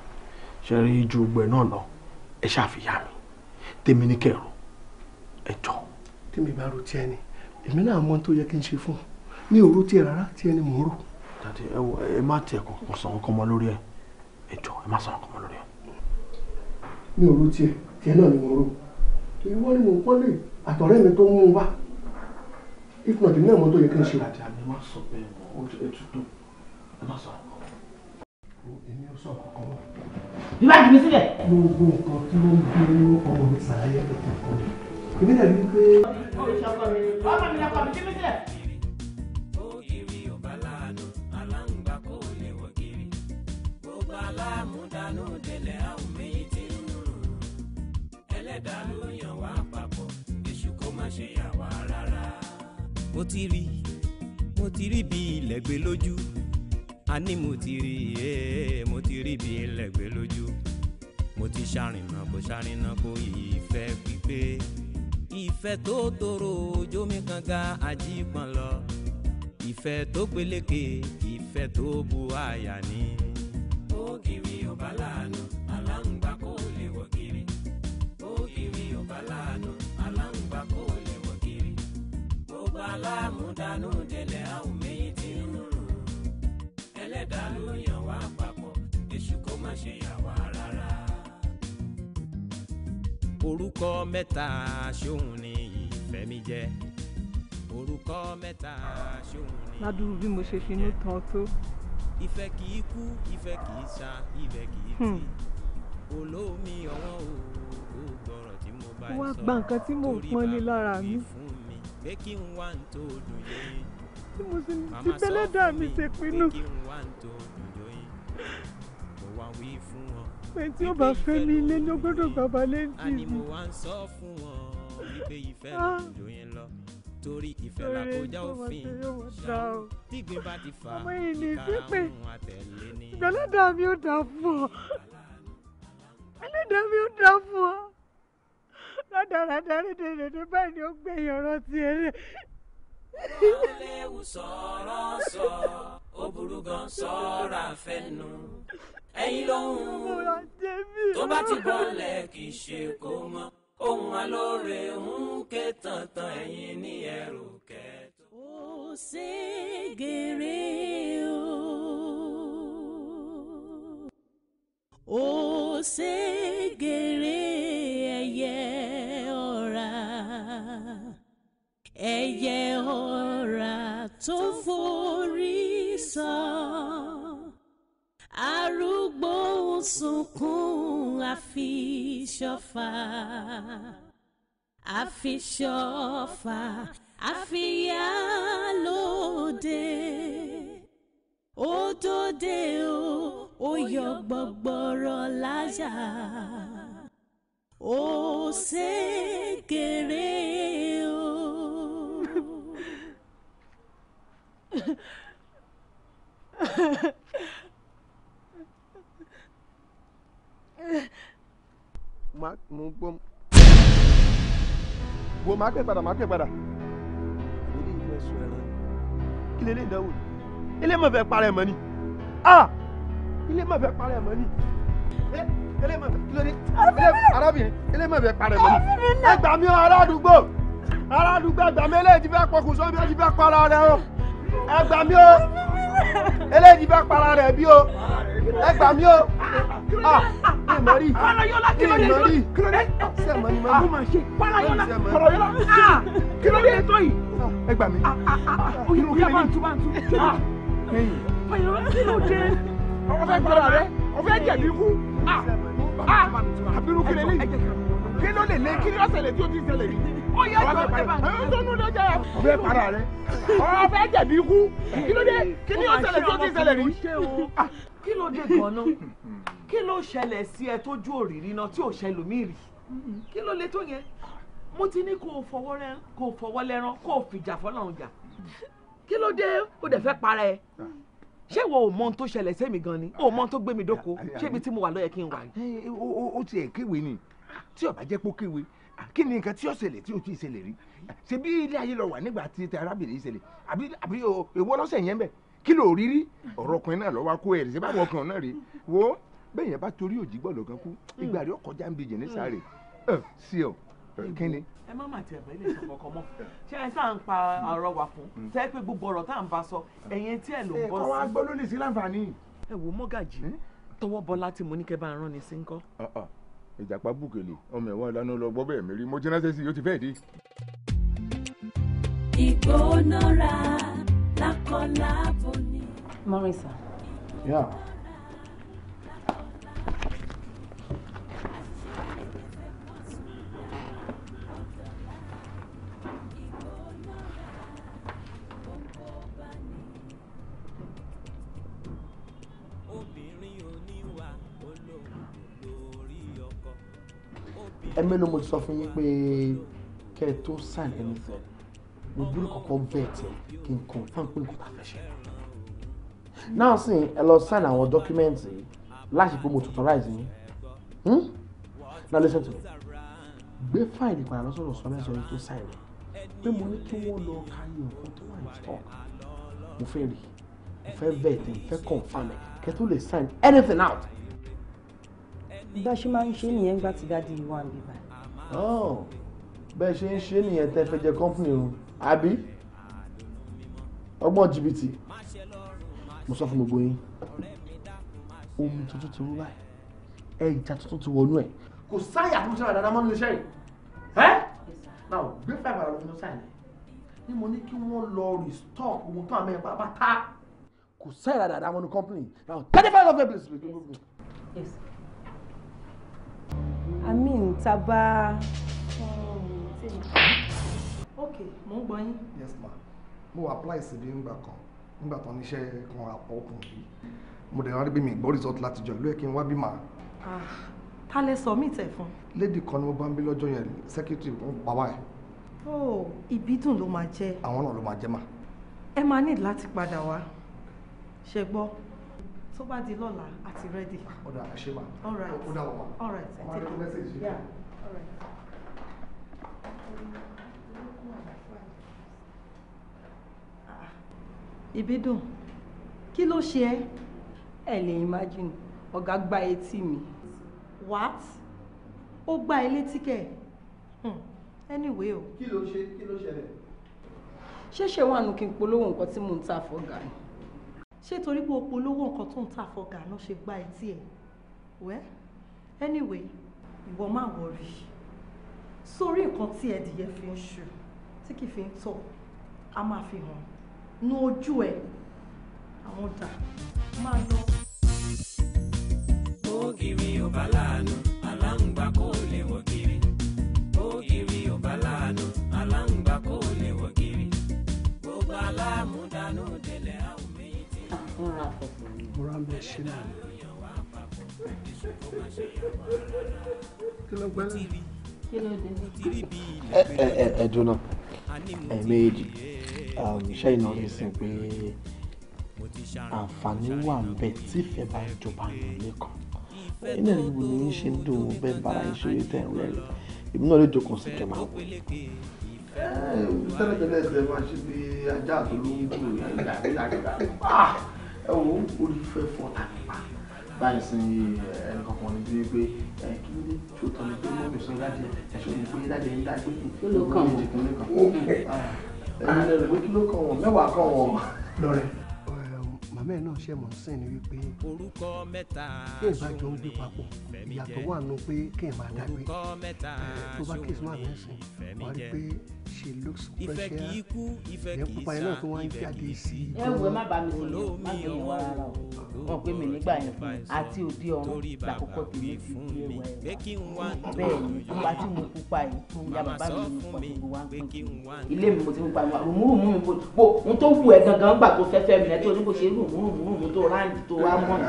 ṣe rí ju ogbẹ náà lọ, ẹ ṣàfihàn mi, tèmi ní kẹrù, ẹ jọ. Tèmi bá ro tiẹ̀ ni, èmi náà mọ tó yẹ kí n ṣe fún un, mi ò ro tiẹ̀ rárá tiẹ̀ ni mò ń rò. Dade, ẹ má tiẹ̀ kọ̀ọ̀kan sàn ọkọ̀ ọmọ lórí ẹ̀ ẹ jọ ẹ má sọ̀rọ̀ kọ́mọ lórí ẹ. mi ò ro tiẹ̀ tiẹ̀ náà ni mo ro ìwọ ni mo pọ́n lè àtọ̀rẹ́ mi tó mú un wá if not èmi náà mọ tó yẹ kí n ṣe. àdá mi má sọ bẹ́ẹ̀ mọ́ ó ẹ tuntun ẹ má sọ̀rọ̀ kọ́. èmi ò sọ kọ́kọ́ wá. bí jù mí sílẹ̀. gbogbo nǹkan tí wọ́n ń gbé ní ọmọ mi sàlàyé ẹ̀kọ́ kan ni èmi dàbí pé. ọmọ mi lọkọ mi kí mi sílẹ̀. aláàmú dànù délẹ̀ àwọn méjì ti ń rùn ẹlẹ́dà ló yàn wá papọ̀ èṣù kó má ṣe yà wá rárá. mo ti rí mo ti rí bí ilẹ̀ gbé lójú àní mo ti rí ee eh, mo ti rí bí ilẹ̀ gbé lójú mo ti ṣàrìnà kó ṣàrìnà kó ìfẹ́ pípé ìfẹ́ tó tòrò ojú mi kan ga àjípọn lọ ìfẹ́ tó peléke ìfẹ́ tó bu àyà ni ògiri ò bá láàánú aláǹgbá kò lè wọ̀ kiri ògiri ò bá láàánú aláǹgbá kò lè wọ̀ kiri gbogbo aláàmúdánù délẹ̀ àwọn méyì orúkọ mẹ́ta ṣóun ni ìfẹ́ jẹ́ orúkọ mẹ́ta ṣóun ni. ládùúgbò bí mo ṣe finú tán tó ìfẹ́ kì í kú ìfẹ́ kì í sa ìfẹ́ kì í tì hmm. olómi ọwọ́ o gbọ́rọ̀ tí mo bá sọ torí bàbá mi fún mi pé kí n wá ń tó dùn yẹn tí mo sì ti tẹ́lẹ̀dá mi ṣe pinnu. pé kí n wá ń tó dùn yẹn mo wá wí fún wọn. pé tí ó bá fẹ́ mi ilé ló gbọ́dọ̀ bàbá lẹ́yìn. àní mo wá ń sọ fún wọn wípé ìfẹ́ mi ah. dùn yẹn torí ìfẹ́ la kọjá òfin ṣáà tígbín bá ti fà ìkarahun àtẹ̀lé ni. ìgbàlódà mi ò dà fún ọ ẹlẹ́dàá mi ò dà fún ọ ládàradà rédèrèdè báyìí ni ó gbé ìyọ̀rọ̀ tiẹ̀ rẹ̀. wọ́n sọ̀rọ̀ sọ ó burú gan sọ́ra fẹ́nu ẹ̀yin lóhùn tó bá ti bọ́lẹ̀ kì í ṣe kó mọ́ kóhun alóore ń ké tàntàn ẹ̀yìn ní ẹrù kẹtù. ó ṣe gèrè o ó ṣe gèrè ẹyẹ ọ̀ra ẹyẹ ọ̀ra tó forí sọ arúgbó ń sunkún àfiṣọfà àfiṣọfà àfiyálóde òdòdè o ó yọ gbọgbọrọ láyà ó ṣèkèrè o. Ha ha ha. Ma, mú gbọ́ wo má pẹ́ padà má pẹ́ padà ilé ìfẹ́ sọ ẹran kí lè lè dánwò ilé mọ̀ fẹ́ parẹ́ mọ́ ni ilé mọ̀ fẹ́ parẹ́ mọ́ ni ilé mọ̀ fẹ́ kílódé arábìnrin ilé mọ̀ fẹ́ parẹ́ mọ́ ni ẹgbàá mi ará àdúgbò ará àdúgbò ẹgbàá mi eléyìí ti fẹ́ pọkùn sóbi ó ti fẹ́ para rẹ̀ o ẹ gbà mí o eléyìí bá para rẹ̀ bí o ẹ gbà mí o ah ìmọ̀rí ìmọ̀rí sẹ́mọ̀ ni mo ní sẹ́mọ̀ ni kí ló dé tó yìí ẹ gbà mí ah, ah, kí ló dé kí ló dé ọfẹ para rẹ ọfẹ jẹbi kú ah ah abiru kí ló lè lé kí ló ṣẹlẹ̀ tí o ti ṣẹlẹ̀ yìí ó yẹ jọ ẹ bá mi. ẹ̀rọ tó nù lọ́jà yà. ọbẹ̀ para rẹ ọbẹ̀ jẹ̀bi ikú kí ló dé kí ni ó ṣẹlẹ̀ tó ti ṣẹlẹ̀ rí. kí ló dé gan-an kí ló ṣẹlẹ̀ sí ẹ tójú òrìrì náà tí ò ṣẹlòmíì rí kí ló le tó yẹn mo ti ní kó o fọwọ́ rẹ kó o fọwọ́ lẹ́rán kó o fìjà fọlọ́run jà kí ló dé o dẹ̀ fẹ́ para ẹ ṣé ìwọ ò mọ ohun tó ṣẹlẹ̀ sẹ́mi gan ni o ò mọ ohun tó gbé mi dóko ṣé ibi tí mo wà ló yẹ kí n wà. ó tiẹ̀ kéwèé ni tí ó bá jẹ́ pé ó kéwèé kí ni nǹkan tí ó ṣẹlẹ̀ tí ó ti ṣẹlẹ̀ rí ṣe bí ilé ayé lọ wà nígbà tí ti arábìnrin ṣẹlẹ̀ àbí àbí èwo lọ́sẹ̀ yẹn bẹ̀ kí ló rí rí ọ̀rọ̀ ọkùnrin náà lọ́wọ́ kó ẹ̀rì ṣe báwọn ọkùnrin náà rí wo bẹ́ẹ̀ yẹn bá torí òjì gbọ́dọ̀ kan kú hmm. ìgbà rí ọkọ̀ jáǹbi jẹ̀ ní hmm. sáré ẹ̀ sí ọ kí ni. ẹ má mà tiẹ̀ bẹ́ẹ̀ lè sọ kọ̀ọ̀kan mọ́ ṣé ẹ sá ń pa ọ̀rọ̀ wà fún tẹ́ hmm. pé gbogbo ọ̀rọ̀ tá à ń bá sọ ẹ̀yìn tí ẹ̀ ló ń bọ́ sí. ẹ kọ́ wa gbọ́ lónìí sí láǹfààní. ẹ wo mọ́gàjì tọwọ́ bọlá tí mo ní kẹ́ bá ń rán ni sí ń kọ́ ìjàpá bùkèlè ọmọ ẹ̀wọ̀n ìlànà lọ gbọ́ bẹ́ẹ̀ mérí mo jẹ́ ránṣẹ́ sí i ti fẹ́ẹ̀ dé. ìgbónára lákọlábọ ni. morrison. yeah. mélòó mo ti sọ fún yín pé kẹ́ ẹ tó sign anything mo dúró kọ́kọ́ bẹ́ẹ̀ tẹ̀ kí n confirm pé nǹkan tá a fẹ́ ṣe. náà sì ẹ lọ sign àwọn dọ́kímẹ́ǹtì láti pé mo tutorize yín hmm? now listen to me gbé fáìlì padà lọ́sọ̀rọ̀ sọ́mẹ́sọ̀ yìí tó sign rẹ̀ pé mo ní kí wọ́n lọ ka iye nǹkan tó wà ní stock mo fẹ́ rí mo fẹ́ bẹ́ẹ̀ mo fẹ́ confirm ẹ̀ kẹ́ tó lè sign anything out bá ṣe máa ń ṣe nìyẹn nígbà tí dáàdi wà níbí bá. Oh, bẹ́ẹ̀ ṣe ń ṣe nìyẹn tẹ́ fẹ́ jẹ kọ́ńpìnì run àbí ọgbọ́n jìbìtì mo sọ fún gbogbo yín omi tuntun ti rú báyìí ẹja tuntun ti wọnú ẹ kò sáyà tó ń ṣẹlẹ̀ dáadáa mọ́ nínú iṣẹ́ yìí ẹ́ náà gbé fàìfà lọ nínú sáyà ni mo ní kí wọ́n lọ restock ohun tó àmì ẹ̀pá pátá kò sáyà dáadáa mọ́ nínú company now thirty five thousand dollars please. Yes amin taba. Okay, mo ń gbọ́ yín. yes ma mo wà apply síbi ńgbà kan ńgbà kan níṣẹ́ kan àpọ̀ ọkùnrin mo dẹ̀ rárí bí mi ìgbọ́ result láti jọ ìlú ẹ̀ kí n wá bí màá. Ah, ta lẹ sọ mí tẹ fún. lady kan ni mo bá ń bí lọ́jọ́ yẹn secretary fún bàbá ẹ̀. oh ìbídùn ló máa jẹ́. àwọn náà ló máa jẹ́ mà. ẹ máa ní láti padà wá ṣe gbọ́ tó bá di lọ́la àti ready. ọ̀dà ah, ṣe ma all right ọ̀dà wọ̀ all right ẹ tẹ́lẹ̀ ọ̀dà message yìí. yeah all right. ìbídùn kí ló ṣe ẹ́ ẹ lè imagine ọ̀gá gba etí mi. what ó gba ilé tíkẹ̀ hmm, anyway o. kí ló ṣe kí ló ṣẹlẹ̀. ṣé ṣe wà nù kí n polówó nǹkan tí mò ń tà fọ́gà ni ṣé torí pé o nǹkan tó ń tà fọgà náà ṣe gba etí ẹ̀ wẹ́ anyway ìwọ má wọrí sórí nǹkan tí ẹdìyẹ fi ń ṣù tí kì í fi ń tọ̀ a máa fi hàn nu ojú ẹ̀ àwọn dà máa lọ. ògiri ò bá láàánú aláǹgbá kò lè wọ́n. Moran bẹ ṣe náà. Kí ló gbẹ́ náà? Ẹ ẹ ẹ ẹ dùnà ẹ̀ẹ̀mejì ṣẹ́yìn náà ṣe pé àǹfààní wà ń bẹ tífẹ̀ bá jọba nílé kan iná ìlú ni ń ṣe ń dùn bẹ́ẹ̀ bára ìṣeré tẹ̀ ń rẹ́rìn ìbí náà lè jókòó sí kẹ̀mà wò. tẹ́lẹ̀tẹ́lẹ̀ tẹ máa ṣe bí ajá àtolóńgbò yàrá yàrá yàrá ẹ wo orí fífẹ́ fọ́ tàbí pa báyìí sí eh, ẹnì kankan ní bíi pé ẹ eh, kí ló dé tó tọ́ ni pé mọ́mí sọ dáadé ẹ̀ṣọ́ mi pé dáadé ń dágbé kí ló kàn wọ́n ah, ẹ̀yin lẹ́rù pé kí ló kàn wọ́n mẹ́wàá kàn wọ́n lọ́rẹ́ màmá ẹ̀ náà ṣe mọ̀ sìn ni wípé orúkọ mẹ́ta kí n bá jọ ń gbé papọ̀ ìyàtọ̀ wà nù pé kí n máa dàgbé tó bá kí n máa wà rí pé she looks precious ẹ̀ pupa ẹ̀ náà tó wá ń jáde sí i. ẹ wo má bàa mi sìn má bẹ yẹn wá rárá o wọn pè mí nígbà yẹn fún mi àti òde ọ̀run làkọ́kọ́ tó ní ti di ẹwà ẹwà bẹ́ẹ̀ ni pupa tí mo pupa yìí ìyá bàbá mi mo pupa gbogbo wa ń pè ilé mi mo ti pupa mi wà rùmúrùmú mi bò ń tó wù ẹ gangan gbà tó fẹ́fẹ́ mi ẹ tó ní kò ṣe é rù wùrùwùrù tó ráǹdì tó wá mọ̀ ní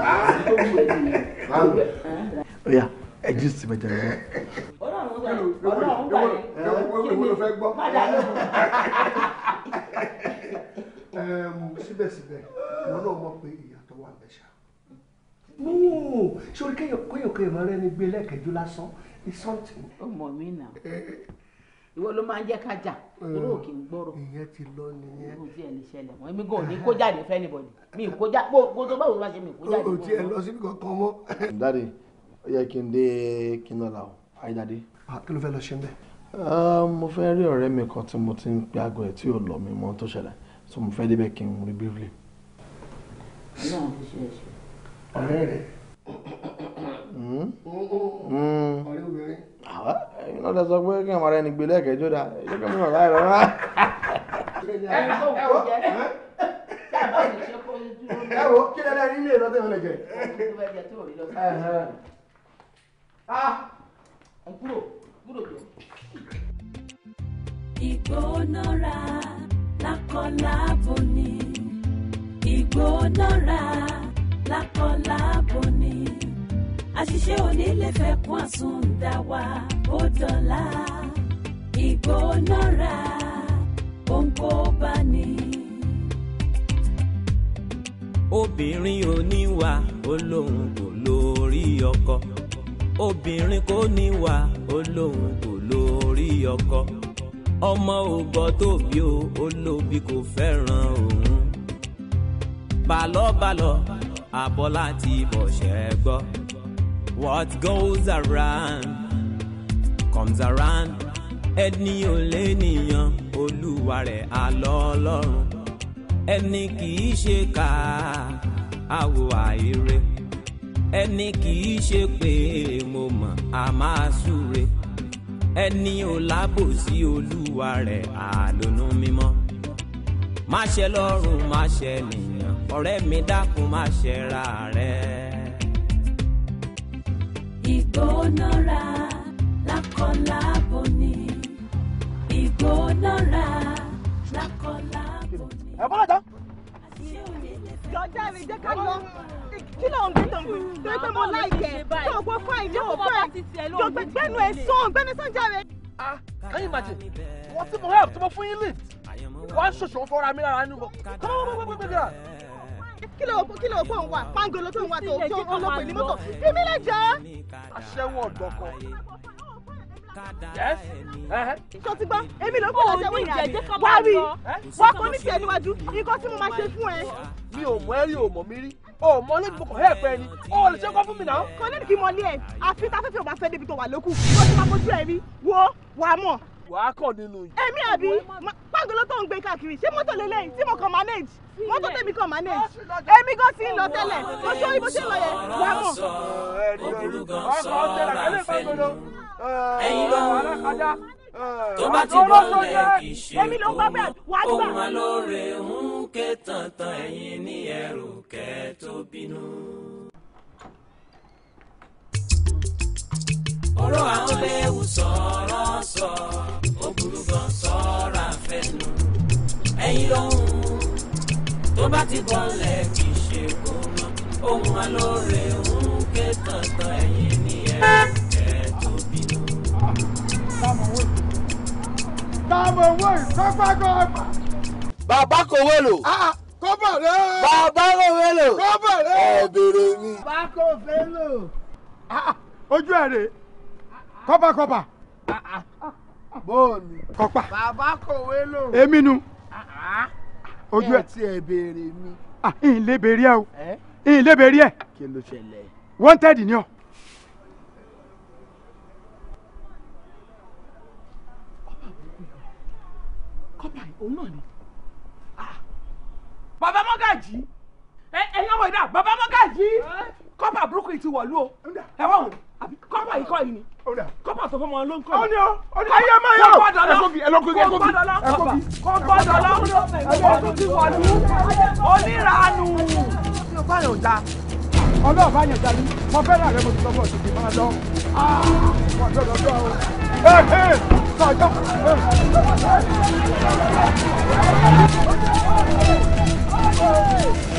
tó wù ẹ́ nìyẹn. ẹ jí sí mẹ́ta ẹ. Ọlọ́run gbà yín Ọlọ́run gbà yín. kí ni padà lọ. síbẹ̀síbẹ̀ wọn náà mọ̀ pé ìyàtọ̀ wà mẹ́ṣà. ṣé orí kéèyàn kéèyàn máa rẹ́ni gbé lẹ́ẹ̀kẹ́jọ́ lásán ní sọ́ọ̀tì. ó mọ̀ mí nà ìwọ ló máa ń jẹ́ ká jà oró hmm. òkè ń gbọ́rọ̀ ìyẹn ti lọ nìyẹn o tiẹ̀ lè ṣẹlẹ̀ wọ́n mi gan ò ní kó jáde fẹ́ níbọ̀dì mi ò kó já bó tó báwo ló máa ṣe mi ò kó jáde. o tiẹ̀ lọ síbi kankan mọ́. dáre ó yẹ kí n dé kí n lọ là kí ló fẹ́ lọ ṣe ń bẹ̀. Ah, mo fẹ́ rí ọ̀rẹ́ mi kan tí mo ti ń pe aago ẹ̀ tí ò lọ mi mọ́ tó ṣẹlẹ̀ so mo fẹ́ débẹ̀ kí n rí briefly. ọ̀rẹ́ rẹ̀ hmm? Hmm. ọ̀rẹ́ obìnrin ẹ̀yin náà sọ pé kí àwọn ará ẹni gbé lẹ́ẹ̀kẹ́jọ́ dá ẹ̀jẹ̀ kí wọ́n rà rárá. ẹ wo kí lẹ́lẹ́ rí ilé lọ́tẹ̀ wọn lè jẹ. ìgbónára lákọlábo ni ìgbónára lákọlábo ni àṣìṣe òní lè fẹ́ kún àsúndà wa ó dọ̀la ìgbónára òǹkó bá ní. obìnrin ò wa olóhùn kò lórí ọkọ obìnrin kò níwà olóhùn kò lórí ọkọ ọmọ ò gbọ́ tóbi o olóbi kò fẹ́ràn òun balọ̀balọ̀ àbọ̀ láti bọ̀ ṣẹ́ gbọ́. What goes around comes around. Ẹni ò lénìyàn olúwa rẹ̀ àlọ́ ọlọ́run. Ẹni kìí ṣe ká àwò àìrè. Ẹni kìí ṣe pé mo mọ̀ a máa súre. Ẹni ò lábòsí olúwa rẹ̀ àlónú mímọ́. Má lọ́rùn má nìyàn ọ̀rẹ́ mi dákun má ra rẹ̀ ìgbónára lákọlábo ni ìgbónára lákọlábo ni. ẹ bọ́lá jọ. jọjá mi jẹ́ ká lọ kí ló ń gbé tó ń gbé torí pé mo láìkẹ́ tó o gbọ́ fún àìní òkú ẹ̀ jọ gbẹgbẹ́nu ẹ̀ sàn gbẹ́ni sànjà rẹ̀. ah can you imagine wọ́n ti mo help tí mo fún yín lift wọ́n á ṣòṣò fọ́ra mi lára nínú bọ́ kọ́ bọ́ bọ́ bọ́ bọ́ bọ́ bọ́ kí ló kí ló fóun wà pangolo tó ń wà tó tó olóògbé ní mọ́tò fi mí lè jẹ́. aṣẹ́wó ọ̀gbọ̀kọ̀ sọ ti gbọ́ èmi ló gbọ́dọ̀ sẹ́wọ́ ìrìn àjò wá rí wá kó ní tiẹ̀ níwájú nǹkan tí mo máa ṣe fún ẹ. mi ò mọ ẹrí ò mọ mi rí o mọ lójú kòkò hẹ́ẹ̀ pẹ́ ni o lè ṣe kọ́ fún mi náà. kò ní kí n mọ ẹ àfi tá a fẹ́ fi ọba fẹ́ débi tó wà lókù kó tí máa bójú ẹ rí wo wàá mọ̀ wàá kọ̀ nínú yìí. èmi àbí pàgọ́lọ́ tó ń gbé káàkiri ṣé mọ́tò lélẹ́yìn tí mo kàn manage mọ́tò tèmi kàn manage èmi gan sí ń lọ tẹ́lẹ̀ mo ṣe ibo ṣe lọ yẹ wà mọ̀. ọkọ̀ tẹ̀lé kẹ́lẹ́ pàgọ́lọ́ alákadá tó bá ti bọ́lẹ̀ kì í ṣe kó ohun alóore ń ké tantan ẹ̀yìn ní ẹrù kẹ́ẹ́ tó bínú. ọ̀rọ̀ àwọn léwu sọ̀rọ̀ sọ ó burú gan sọ̀rọ̀ àfẹnu ẹ̀yin lóhùn tó bá ti bọ́lẹ̀ kì í ṣe kó mọ ohun alóore ń ké tọ̀tọ̀ ẹ̀yin ní ẹ ẹ tó bínú. táwọn owó ìsọpágọ́ bàbá kò wọlò ah, ah, kọ́bọ̀lẹ́. bàbá kò fẹ́lò. kọ́bọ̀lẹ́. ọ̀bẹ̀rẹ̀ ni. bàbá kò fẹ́lò. Ah, ojú ẹ̀ kọ́pà kọ́pà. Ah, ah. bóòlù kọ́pà. bàbá kòwé lò. èmi nu. Ah, ojú ẹ ti ẹ béèrè mi. ìyìn lè béèrè ẹ o ìyìn lè béèrè ẹ. kí ló ṣẹlẹ̀. wanted ni ọ. kọ́pà òun náà ni. bàbá mọ́gàjì ẹ̀yin ọmọ ìdá bàbá mọ́gàjì kọ́pà burúkú yìí ti wọ̀lú o ẹ wọ́n o àbí kọ́pà yìí kọ́ yìí ni kọ́pà tó fọmọ ló ń kọ́ yìí. ayé máa yọ ẹ̀kọ́gi ẹ̀kọ́gi ẹ̀kọ́gi ẹ̀kọ́gi. kò gbọ́dọ̀ lọ o tún ti wọ̀lú onírànù. ọlọ́ọ̀bá yẹn ò da ọlọ́ọ̀bá yẹn ò da ni mo fẹ́ràn rẹ mo ti sọ fún ọ̀sùn kì í máa lọ. Thank ah. you.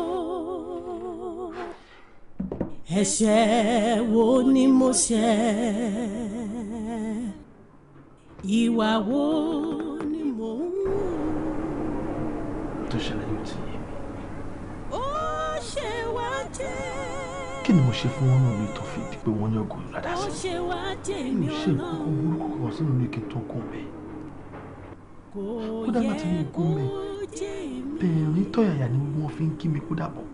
ẹ̀ṣẹ̀ wo ni mo ṣẹ̀ ìwà wo ni mo ń wò. tó ṣẹlẹ̀ yóò ti yé mi. ó ṣe wá jẹ́. kí ni mo ṣe fún wọn náà ní tó fi di pé wọ́n yàn gòlù ládàá sí. ó ṣe wá jẹ́ mi ọlọ́run. ṣe nǹkan burúkú kan sínú ní kí n tó gùn mi. kódà láti mú gùn mi bẹ̀rẹ̀ nítorí àyà ni wọ́n fi ń kí mi kó dàbọ̀.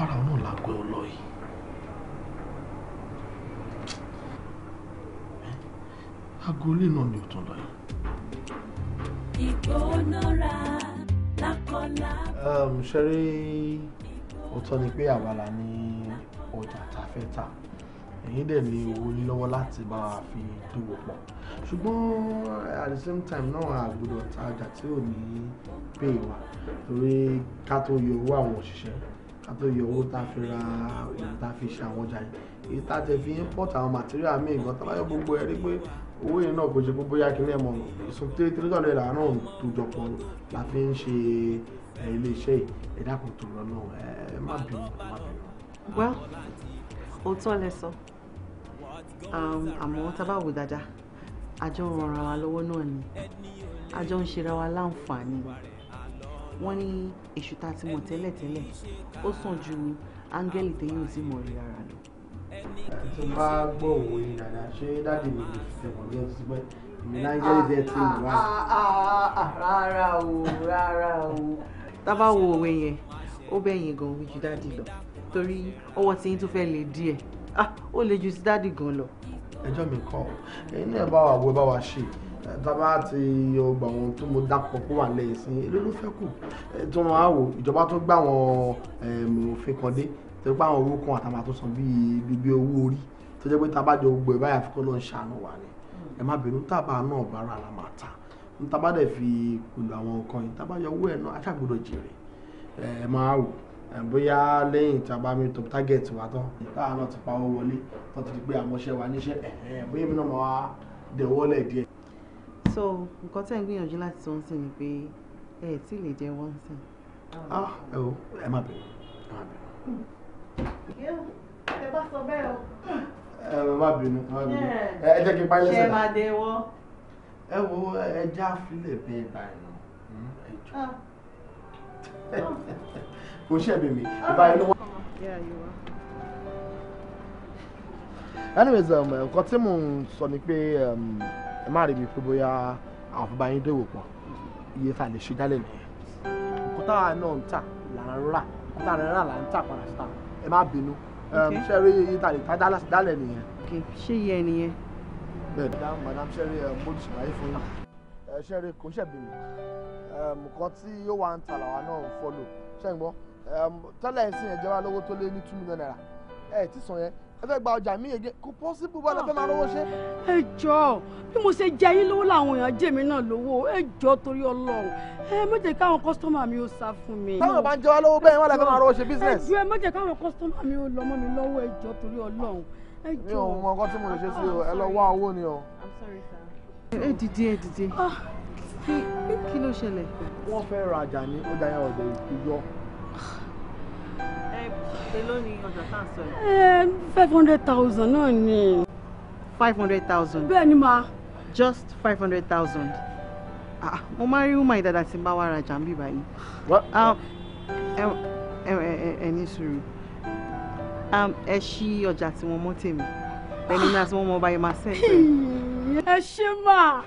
Fáráò náà lágbẹ́ ọ lọ yìí. agolé náà ni ò tún lọ yìí. ìgbónára lákọlá. ṣeré òótọ́ ni pé àwa la ní ọjà tá fẹ́ tà èyí dẹ̀ ní owó lọ́wọ́ láti bá a fi dúró pọ̀ ṣùgbọ́n at the same time náà a gbọ́dọ̀ ta ọjà tí ò ní pè wá torí ká tó yọ owó àwọn òṣìṣẹ́ ká tó yọ owó tá a fi ra ohun tá a fi ṣe àwọn ọjà yìí èyí tá a ti fi import àwọn material míì gan tá a bá yọ gbogbo ẹ rí pé owó yẹn náà kò ṣe pé bóyá kí ní ẹ̀mọ́ ìsún three three hundred naira náà tó jọpọ̀ la fi ń ṣe iléeṣẹ́ yìí ẹ̀dá kan tó lọ náà ẹ má bínú má bínú. well òótọ́ lẹ sọ um, àmọ́ tá a bá wò dáadáa àjọ ń ran ara wa lọ́wọ́ náà ni àjọ ń ṣera wa láǹfààní wọ́n ní èṣù tá a ti mọ̀ tẹ́lẹ̀ tẹ́lẹ̀ ó sàn ju áńgẹ́lì téyàn ti mọ̀ rí ara lọ. tó bá gbọ́ òwe ni dàda ṣé dáàdi mi lè fẹ̀wọ̀n bí ẹ ti pẹ́ èmi ní áńgẹ́lì bẹ́ẹ̀ tí mo wá. Ah, ah, ah, rárá o rárá o tá a bá wo òwe yẹn ó bẹ̀yìn gan ojú dáàdi lọ torí ọwọ́ tí yín tún fẹ́ lè díẹ̀ ó lè ju ti dáàdi gan lọ. ẹjọ́ mi kọ́ ẹ̀yin náà bá wa wo bá wa ṣe tábà ti yọ gbà wọn tó mo dàpọ̀ kó wà lẹ́yìn sí èlé ló fẹ́ kù tó wọn á wò ìjọba tó gbà wọn òfin kan dé tó gbà wọn owó kan àtàwọn àtúnṣe bíi bíi owó orí tó jẹ́ pé tábà jọ gbọ́ ìbáyà fúnkọ́ ló ń ṣàánú wa ni ẹ má bínú tábà náà bára la máa ta tábà dẹ̀ fi kùlù àwọn nǹkan yìí tábà yọ owó ẹ̀ náà aṣàgbọ́dọ̀ jèrè ẹ máa wò bóyá lẹ́yìn tí a bá mi top target wa tán táwọn náà ti pa owó wọlé tó ti di pé àmọ́ṣẹ́ wa níṣẹ́ bóyá èmi náà máa dẹ̀wọ́lẹ̀ díẹ̀ so nǹkan tẹ́ ń gbìyànjú láti sọ ń sìn ni pé ẹ ẹ̀ tí lè jẹ́ wọ́n sìn. Ah, ẹ o ẹ má bẹ̀rẹ̀ ẹ má bẹ̀rẹ̀. yóò bá sọ bẹ́ẹ̀ o. ẹ má bínú ẹ má bínú ẹ jẹ́ kí n parí lẹ́sẹ̀. ṣe máa dé wọ́. ẹ wo ẹ já filẹ̀ bẹ́ẹ̀ báyìí náà hmm, ẹ jọ. Ah. kò ṣẹ̀bi mi ìbáyìí ló wá. anyways um, nǹkan tí mò ń sọ ni pé. Um, ẹ má rí mi pé bóyá àwọn bàbá yín dòwò pọ̀ iye tá a lè ṣe jálẹ̀ nìyẹn nǹkan táwa náà ń tà là ń rà nǹkan táwa náà là ń tà padà síta ẹ má bínú ṣe rí iye tá a lè ta dálẹ̀ nìyẹn. ṣé iye ẹ nìyẹn. bẹ́ẹ̀ni madam ṣẹrí mo ti ṣàlàyé fún yín ṣẹrí kò ń ṣẹbi mi nǹkan tí yóò wá ń tà làwa náà ń ṣẹ́ ń gbọ́ tẹ́lẹ̀ ẹ̀sìn ẹ̀jẹ̀ wa lówó tó lé ní two million naira ẹ̀ tí sàn yẹn ẹ fẹ́ gba ọjà mi ègé kò pọ́sibú bá lẹ́fẹ́ máa lọ́wọ́ ṣe. ẹ jọ bí mo ṣe jẹ yín lówó làwọn èèyàn jẹ mí náà lówó ẹ jọ torí Ọlọ́run ẹ má jẹ́ káwọn kọ́sítọ́mà mi ó sá fún mi. táwọn bá ń jẹ wá lówó bẹ́ẹ̀ wọ́n lẹ́fẹ́ máa lọ́wọ́ ṣe business. ẹ jọ ẹ má jẹ́ káwọn kọ́sítọ́mà mi ó lọ mọ́ mi lọ́wọ́ ẹ jọ torí Ọlọ́run ẹ jọ. mi ò mọ nǹkan tí mo lè ṣe sí o ẹ lọ wá owó ni o. I'm sorry sir. ẹ dìde ẹ dìde ah. kí ló ṣẹlẹ̀. wọ́n fẹ́ rajà ní ọjà yẹn ọ̀dẹ̀ ìjọ èló eh, five hundred thousand náà ni. five hundred thousand. bẹ́ẹ̀ ni màá. just five hundred thousand. Ah, mo máa rí woman dada tí n bá wá rajà ń bì báyìí. Ah, ẹ ní sùúrù ah, ẹ ṣí ọjà tí wọ́n mọ́ tèmi ẹni náà tí wọ́n mọ́ báyìí máa ṣẹ́ẹ̀tì ẹ ṣé mà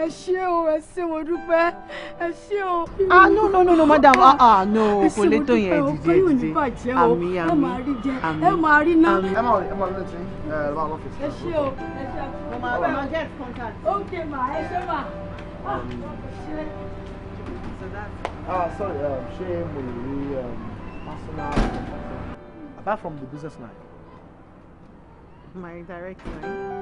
ẹ ṣé o ẹ ṣé mo dúpẹ́ ẹ ṣé o. ah no no no no madam ah ah no kò lè tó yẹn dídí ẹ dídí àmì àmì àmì ẹ máa rí náà. ẹ máa ẹ máa lọ sí ẹ ẹ máa lọ fi. ẹ ṣé o ẹ ṣé o máa bẹ máa get contact. ok ma ẹ ṣé ma. Ah, ah sorry um, ṣé mo lè rí um, personal apart from the business line. my direct line.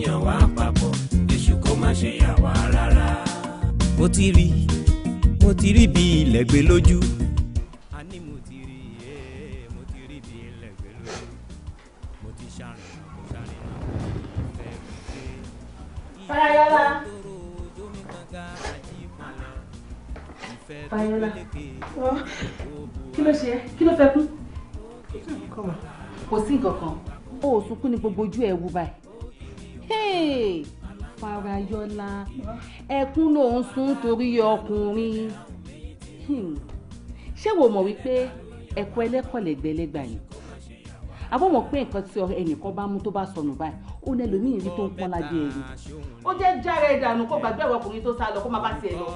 mo ti rí mo ti rí bí ilẹ̀ gbé lójú. a ní mo ti rí ẹ eh, mo ti rí bí ilẹ̀ gbé lójú mo ti ṣàrìn mo ṣàrìn kò sí nǹkan kan. o ò sunkún ní gbogbo ojú ẹ̀ wú báyìí farayọlá ẹkún lòún sun torí ọkùnrin hmm. ṣé wò mọ̀ wípé ẹ̀kọ́ ẹlẹ́kọ̀lẹ́gbẹ̀lẹ́gbà yìí àbọ̀ pé nǹkan tí ẹnìkan bá mú tó bá sọnù báyìí ó ní ẹlòmíì rí tó ń pọ́n lábẹ́ ẹ̀yìn. ó jẹ́ járe ìdànù kó gbàgbé àwọn ọkùnrin tó sá lọ kó má bá tiẹ̀ lọ.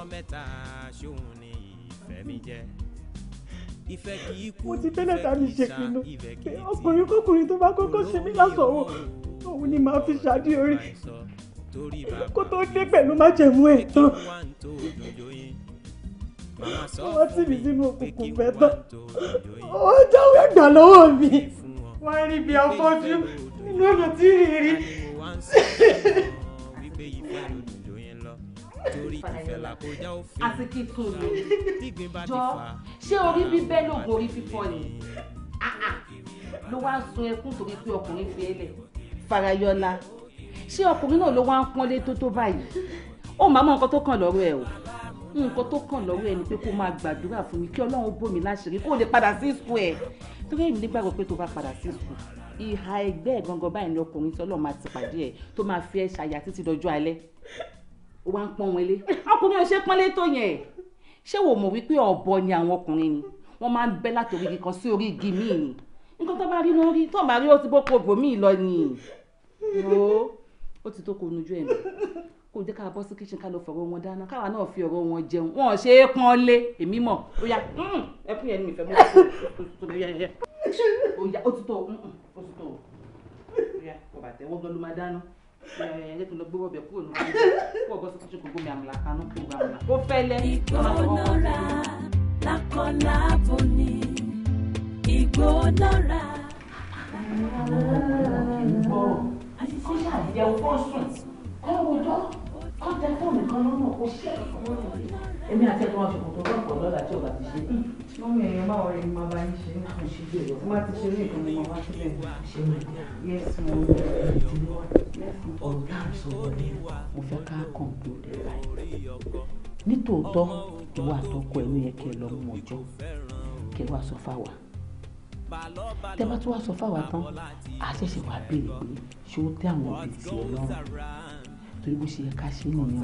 mo ti tẹ́lẹ̀ tá mi ṣe pinnu pé ọkùnrin kọkùnrin tó bá kọ́kọ́ ṣe lásán òun ni màá fi ṣáájú orí kó tó dé pẹ̀lú májẹ̀mú ẹ̀ tán wọ́n tì mí sínú òkùnkùn bẹ́ẹ̀ tán ó jáwé àgbà lọ́wọ́ mi wọ́n rí bí afọ́jú nínú ọ̀nà tí ì rí. àti kí tó lò jọ ṣé orí bíbẹ́ lóògùn orí fífọ́ ni ah, ah. ló wá sun ẹkún torí pé ọkùnrin fi ẹ Farayọlá ṣé ọkùnrin náà ló wá ń pọ́nlé tó tó báyìí ó máa mọ nǹkan tó kàn lọ́rọ̀ ẹ o nǹkan tó kàn lọ́rọ̀ ẹ ni pé kó máa gbàdúrà fún mi kí ọlọ́run bò mí láṣìírí kó lè padà sí school ẹ̀ torí èmi nígbàgbọ́ pé tó bá padà sí school ìhà ẹgbẹ́ ẹ̀ gangan báyìí ni ọkùnrin tí ọlọ́run máa ti pàdé ẹ̀ tó máa fi ẹ́ ṣàyà títí dọjọ́ alẹ́ ó wá ń pọ́n wọn lé ọkùnrin ò ṣe pọ́n lé tó yẹn ṣé wò mọ̀ wípé ọ̀bọ ni àwọn ọkùnrin ni wọ́n máa ń bẹ́ látòrí igi kan sí orí igi míì ni nǹkan tó bá rí lórí tó bá rí ó ti bó kó bòmíì lọ nìyí ó ti tó kó onujú ẹ̀ mi kò jẹ́ ká bọ́ sí kíchìn ká lọ fọ̀rọ̀ wọn dáná káwa náà fi ọ̀rọ̀ wọn jẹun wọn ò ṣe é pọ́n lé èmi mọ̀ ó yá ẹkún yẹn ni mi fẹ́ mú ó yá ó ti tó ó ti tó ó yá ọba àtẹwọ́ gan ló máa dáná ẹ ẹ tó lọ gbé wọbẹ kúrò nínú kó ọgọ sí kíchìn kó gbómi àmàlà kaná kó gba àmàlà kó fẹ́lẹ́. ìgbónára lákọlábò kó ṣáà jẹun kó sùn kó rojọ́ kó tẹ fóònù kan lọ́nà kó ṣe ẹ̀kọ́ èmi àti ẹ̀kọ́ wọn ṣòkòtò lọ́pọ̀ lọ́la tí o bá ti ṣe. wọ́n hmm. mi ẹ̀yọ́ máa wọlé máa bá yín ṣe ní kàn ṣe bí ẹ̀yọ́ máa ti ṣe ní ìkànnì máa wá sílẹ̀ ṣe máa yẹ sí mo ní ìdílé ọ̀gá àṣọwọ́ ni mo fẹ́ ká kọ̀ǹpó rẹ̀ báyìí. nítòótọ́ ìwà àtọkọ ẹ̀mí yẹ kẹ́ ẹ lọ mú ọjọ́ kẹ́ wàá sọ fáwa tẹ́ bá sọ fáwa tán a ṣẹ̀ṣẹ̀ wá béèrè pé ṣé ó tẹ́ àwọn òbí tiẹ̀ lọ́rùn torí bó ṣe yẹ ká ṣe nìyẹn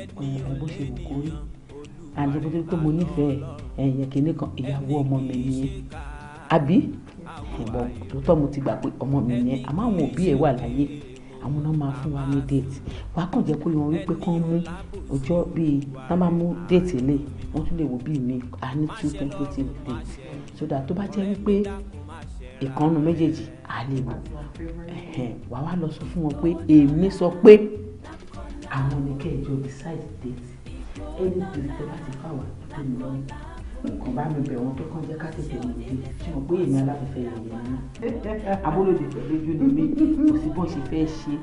ẹ̀rùn bó ṣe wù kó rí àdébótó pé mo nífẹ̀ẹ́ ẹ̀yẹ kìíní kan ìyàwó ọmọ mi nìyẹn àbí ìbọn tòótọ́ mo ti gbà pé ọmọ mi nìyẹn àmọ́ àwọn òbí ẹ̀ wà láyé àwọn náà máa fún wa ní déètì wàá kàn jẹ́ kó yan wípé kán mú ọjọ́ bíi tá máa mú déètì lè wọ́n tún lè wò bíi mi a ní two twenty twenty déètì sódà tó bá jẹ́ wípé ìkànnù méjèèjì á lè wò wà wá lọ sọ fún wọn pé èmi sọ pé àwọn ni kẹjọ decide date ẹni tó ti bá ti fáwọn tó mi lọ́wọ́ nǹkan bá mi bẹ̀ tó kàn jẹ́ ká tètè mọ̀ ní tí wọ́n pé èmi aláfẹ́fẹ́ yẹ̀yẹ̀ ni abólódì pẹ̀lú ojú ni mí kò sí bọ́n ṣe fẹ́ ṣe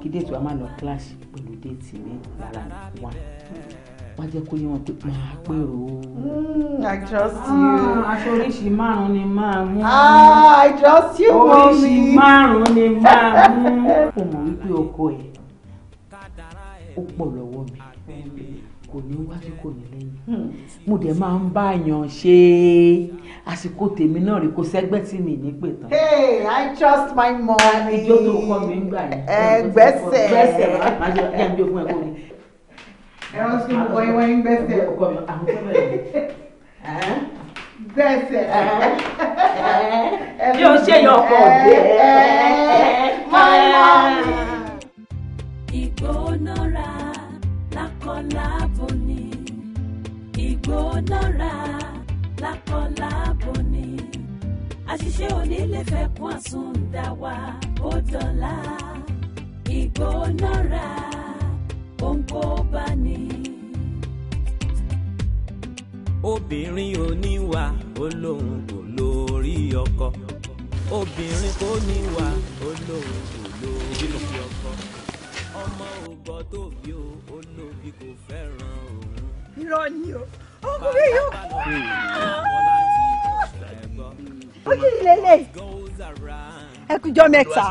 kí déètì wa má lọ kíláàsì pẹ̀lú déètì mi lára wa wọ́n jẹ́ kó yé wọn máa pèrò o. I trust you. aṣọ oríṣi márùn ni máa mú. I trust you mọ́mí. oríṣi márùn ni máa mú. ó mọ̀ wípé ọkọ ẹ̀ ó pọ̀ lọ́wọ́ mi kò ní wájú kò ní lẹ́yìn mo dẹ̀ máa ń bá yàn ṣe àsìkò tèmi náà rí kò sẹ́gbẹ́ tí mi ní pè tán. hey i trust my money. ìjọ tó kọ́ mi ń gbà yẹn. ẹ gbẹ́sẹ̀. gbẹ́sẹ̀ máa ń jẹ́ ẹ̀jẹ̀ mi ò fún ẹ kó mi ẹran sí mo bọ ìwọ yín gbẹsẹ. gbẹsẹ. bí o ṣe yọ ọkọ òde. ìgbónára lákọlábo ni ìgbónára lákọlábo ni àṣìṣe onílé fẹ́ kún àsùn dá wa ó dọ̀la ìgbónára kóńkó bá ní. obìnrin oníwà olóhùn kò lórí ọkọ obìnrin kò níwà olóhùn kò lórí ọkọ ọmọ ògbọ́ tóbi o olóbi kò fẹ́ràn òun. irọ́ ni o ọkùnrin yóò ó kì í lélẹ̀ ẹkùjọ́ mẹ́ta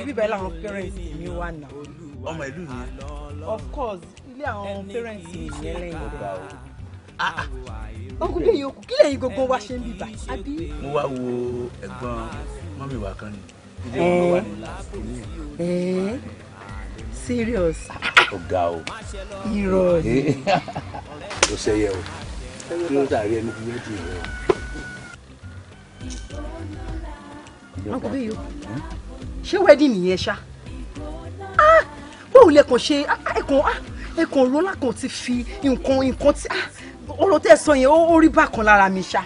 ibi bẹ́ẹ̀ làwọn parents mi wà náà ọmọ ìlú nìyẹn. of course ilé àwọn parents mi yẹn lẹ́yìn ọ̀gá o. ọkùnrin ah, ah. yòókù kí lẹ́yìn gbogbo wa ṣe ń bíbà àbí. mo wá wo ẹ̀gbọ́n mọ́mí wa kan ni ilé ìwé eh? serious. ọ̀gá o. irọ́ ni. kò eh, sẹ́yẹ o kí ló tàrí ẹni fún méjì rẹ o. ọkùnrin yòókù hmm? ṣé wedding nìyẹn ṣá báwo lẹ kàn ṣe ah, ah, ẹkàn ah, ẹkàn rọlá kan ti fi nǹkan nǹkan ti ọ̀rọ̀ tẹ́ sọ yẹn ó rí bákan lára mi ṣá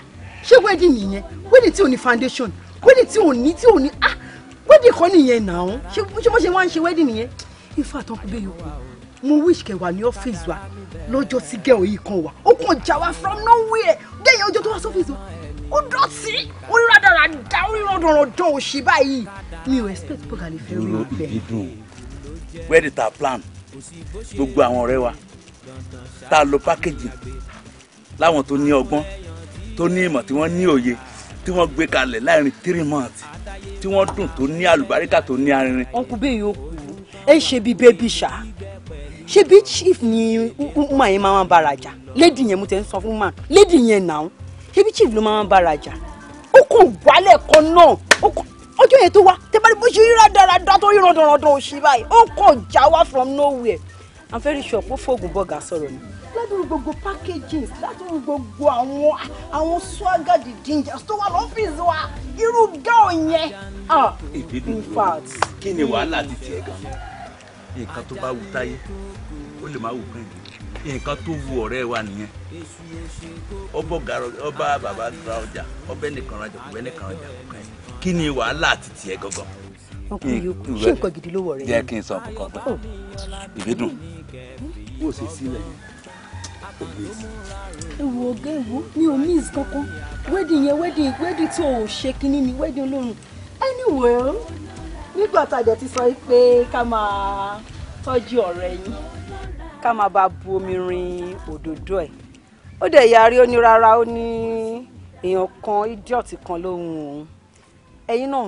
ṣé wedding nìyẹn wedding tí ò ní foundation wedding tí ò ní tí ò ní wedding kan nìyẹn náà ṣé bó ṣe wá ń ṣe wedding nìyẹn ifá tán kú bẹ́ẹ̀ mo wish kẹ wà ní ọ́fíìsì wa lọ́jọ́ tí gẹ́ òyìn kan wà ó kàn já wa from nowhere gẹ́yìn ọjọ́ tó wá sọ́fíìsì wa ó dọ̀tí orí rádàrà dá orí rọ̀dọ̀rọ̀ dán òṣì báyìí mi ò expect pé kàlẹ́ fẹ́ rí ọ̀fẹ́ where did our plan gbogbo àwọn ọ̀rẹ́ wa tá a lo pákéjì láwọn tó ní ọgbọ́n tó ní ìmọ̀ tí wọ́n ní òye tí wọ́n gbé kalẹ̀ láàrin three months tí wọ́n dùn tó ní àlùbáríkà tó ní arinrin. ọkù bẹ́ẹ̀ yóò kú ẹ ṣe bíi bẹ́bí ṣá ṣe bíi chief ni mma yẹn máa ń bára jà lady yẹn mo tẹ̀ ń sọ fún ma lady yẹn náà ṣe bíi chief ló máa ń bára jà ó kàn wálẹ̀ kan náà ó kàn. ọjọ́ yẹn tó wá tẹ bá ṣe tó báyìí ó já wá from nowhere very sure pé fóògùn bọ́gà sọ̀rọ̀ ni. gbogbo gbogbo àwọn àwọn swagger the tó wà lọ́fíìsì wa irú yẹn. Ah, kí ni wàhálà ti tiẹ̀ gan nǹkan tó bá wù táyé ó lè má wù nǹkan tó ọ̀rẹ́ wa nìyẹn ọba bàbá ra ọjà ọbẹ̀ nìkan rajà ọbẹ̀ nìkan rajà kí ni wàhálà àti tiẹ̀ gangan. ọkùnrin yòókù ṣé nǹkan gidi ló wọ̀ rẹ. jẹ́ kí n sọ nǹkan gbà ìbídùn bó ṣe sílẹ̀ ewu ọgá ewu mi ò miss kankan wedding yẹn wedding wedding tí o ò ṣe kínní ni wedding olórun anyway nígbà tá a jẹ ti sọ pé ká máa tọ́jú ọ̀rẹ́ yín ká máa bá bu omi rin òdòdó ẹ̀ ó dẹ̀ yarí ó ní rárá ó ní èèyàn kan idiot kan lóhùn òun ẹ̀yin náà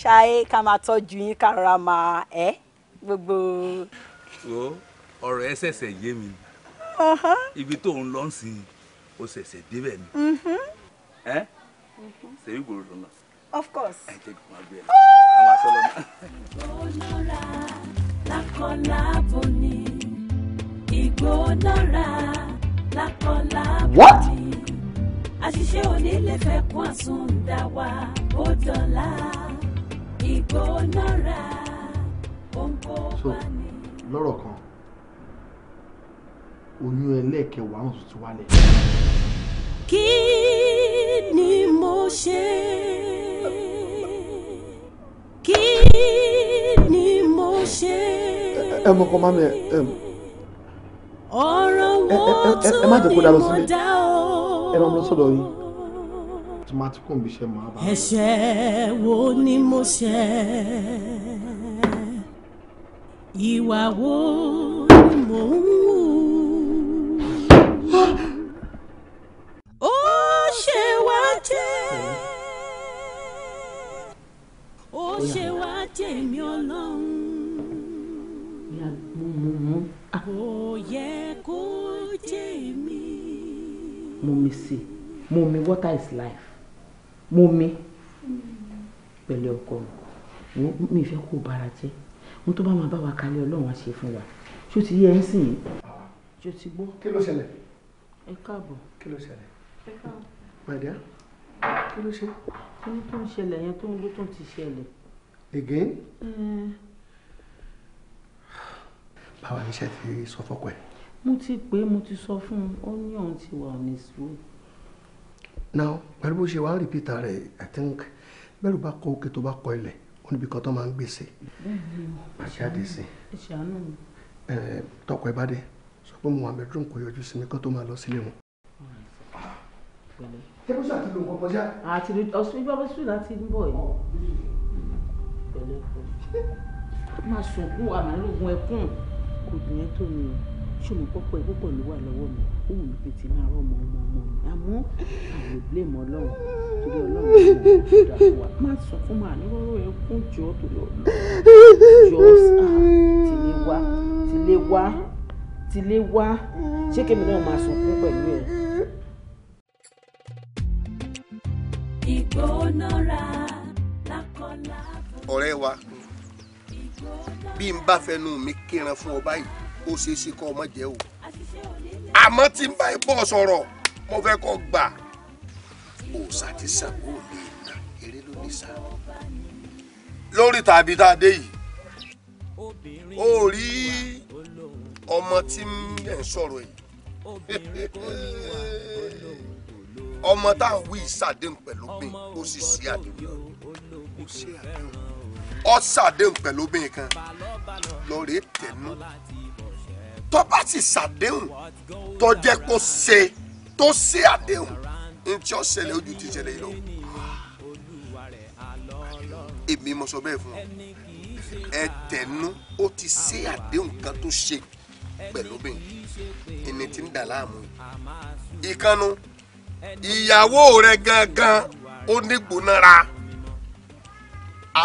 ṣááyé ká máa tọ́jú yín ká rọra máa ẹ́ gbogbo. wo ọ̀rọ̀ ẹ ṣẹ̀ṣẹ̀ yé mi ibi tó ń lọ sí i ó ṣẹ̀ṣẹ̀ débẹ̀ ni mm-hmm. ẹ mm-hmm. ṣèyí gbòòrò lọ́nà. of course. ẹ jẹ́ kí n máa gbé ẹ lọ máa sọ lọ́nà. ìgbónára lákọlábọ ni ìgbónára lákọlábọ ni. what àṣìṣe onílẹ̀fẹ́ Kwasun ń dá wa ó dọ̀la ìgbónára òǹkó bá ní. lọ́rọ̀ kan oyún ẹlẹ́ẹ̀kẹwàá ọ̀hún tuntun wálẹ̀. kí ni mo ṣe kí ni mo ṣe. ẹ mọ̀ kọ́ mámi ẹ. ọ̀rọ̀ wo tó ní mo dá o ẹ máa lọ sọ́dọ̀ yín tí máa ti kún bí iṣẹ́ máa bá. ẹ̀ṣẹ̀ wo ni mo ṣẹ̀ ìwà wo ni mo ń wù ó ṣe wá jẹ́ ó ṣe wá jẹ́ mi ọlọ́run kò yẹ kó mu mi sí water is life mu mi pẹ̀lú ọkọ mi mi fẹ́ kó bara jẹ́ mo tó bá máa bá wa kalẹ̀ ọlọ́run á ṣe fún wa ṣó ti yẹ ẹ́ sìn yín ṣó ti gbọ́. kí ló ṣẹlẹ̀. ẹ káàbọ̀. kí ló ṣẹlẹ̀. ẹ káàbọ̀. màdìá kí ló ṣe. kí ló tó ń ṣẹlẹ̀ yẹn tó ń ló tó ti ṣẹlẹ̀. again. báwa níṣẹ́ ti sọ fọ́kọ ẹ̀ mo ti pè é mo ti sọ fún un ó ní òun ti wà on his now pẹ̀lú bó ṣe wá repeat rẹ̀ i think bẹ́ẹ̀ ló bá kọ òkè tó bá kọ ilẹ̀ ó níbi kan tó máa ń gbèsè. bẹ́ẹ̀ni o ìṣàánú ìṣàánú. tọkọ ẹ bá dé sọ pé mo wà bedroom kò yọjú sí mi kó tó máa lọ sílé wọn tẹ́kọ̀ sùn láti ń ẹkún kò dùn ẹ́ tó mi ṣùgbọ́n pọ́pọ́ ẹ̀ púpọ̀ ló wà lọ́wọ́ mi òun ní pé ti máa rọ́ ọmọ ọmọ ọmọ mi àmọ́ àlè blame ọlọ́run torí ọlọ́run kò dà fún wa sọ fún màá ní ẹ kún jọ torí ọlọ́run jọ ah, tìlé wá wá tìlé wá ṣé kémi náà máa sunkún pẹ̀lú ẹ. ọ̀rẹ́ wa bí n bá fẹnu mi kíran fún ọ báyìí ó ṣeé ṣe kọ́ ọmọ jẹ́ o àmọ́ tí n bá yẹ bọ́ sọ̀rọ̀ mo fẹ́ kọ́ gbà òòsà ti sàgbó lè nà eré ló lè sà lórí tàbí tá a dé yìí ó rí ọmọ tí ẹ ń sọ̀rọ̀ yìí ọmọ tá à wí ìsàdéhùn pẹ̀lú bíi ó sì sí àdéhùn ó sí àdéhùn ó sàdéhùn pẹ̀lú bíi kan lọ́ọ̀rẹ́ tẹ̀nú tó bá sì ṣàdéhùn tó jẹ́ kó ṣe tó ṣe àdéhùn ní tí ó ṣẹlẹ̀ ojú ti ṣẹlẹ̀ yìí lọ. èmi mo sọ bẹ́ẹ̀ fún ọ ẹ tẹ̀nu ó ti ṣe àdéhùn kan tó ṣe pẹ̀lú mi ìní tí ń dà láàmú ìkànnù ìyàwó rẹ gangan ó ní gbónára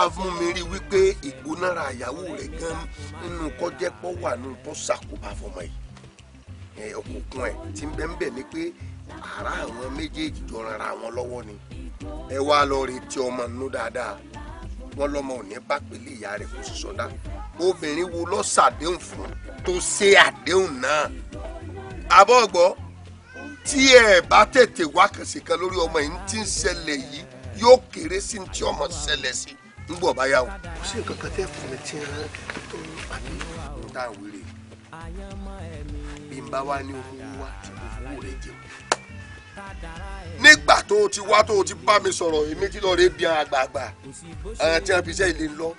afúnmiri wípé ìgbónára àyàwó rẹ̀ gan nínú kọjẹpọ wà nù tó ṣàkóbá fọmọ yìí òkùnkùn ẹ ti ń bẹ ń bẹ ni pé ara àwọn méjèèjì jọ rara wọn lọ́wọ́ ni ẹ wá lọ retí ọmọ nínú dáadáa wọn lọmọ ò ní bá pèlè ìyá rẹ̀ kó sì sọdá obìnrin wo lọ ṣàdéhùn fún tó ṣe àdéhùn náà abọ́ ọ̀gbọ́ tí ẹ bá tètè wá kàṣìkan lórí ọmọ yìí ti ń ṣẹlẹ̀ yìí yóò kéré sí ti ọmọ ṣẹlẹ̀ sí i ń bọ̀ báyà o. kò sí nǹkan kan tẹ́ fún mi tí ń tó àbí mo tá a bí n bá wá ní owó wá tí mo fowó rẹ jẹun. nígbà tó ti wá tó ti bá mi sọ̀rọ̀ èmi ti lọ rè bí àgbààgbà àwọn tí wọn fi iṣẹ́ ilé ń lọ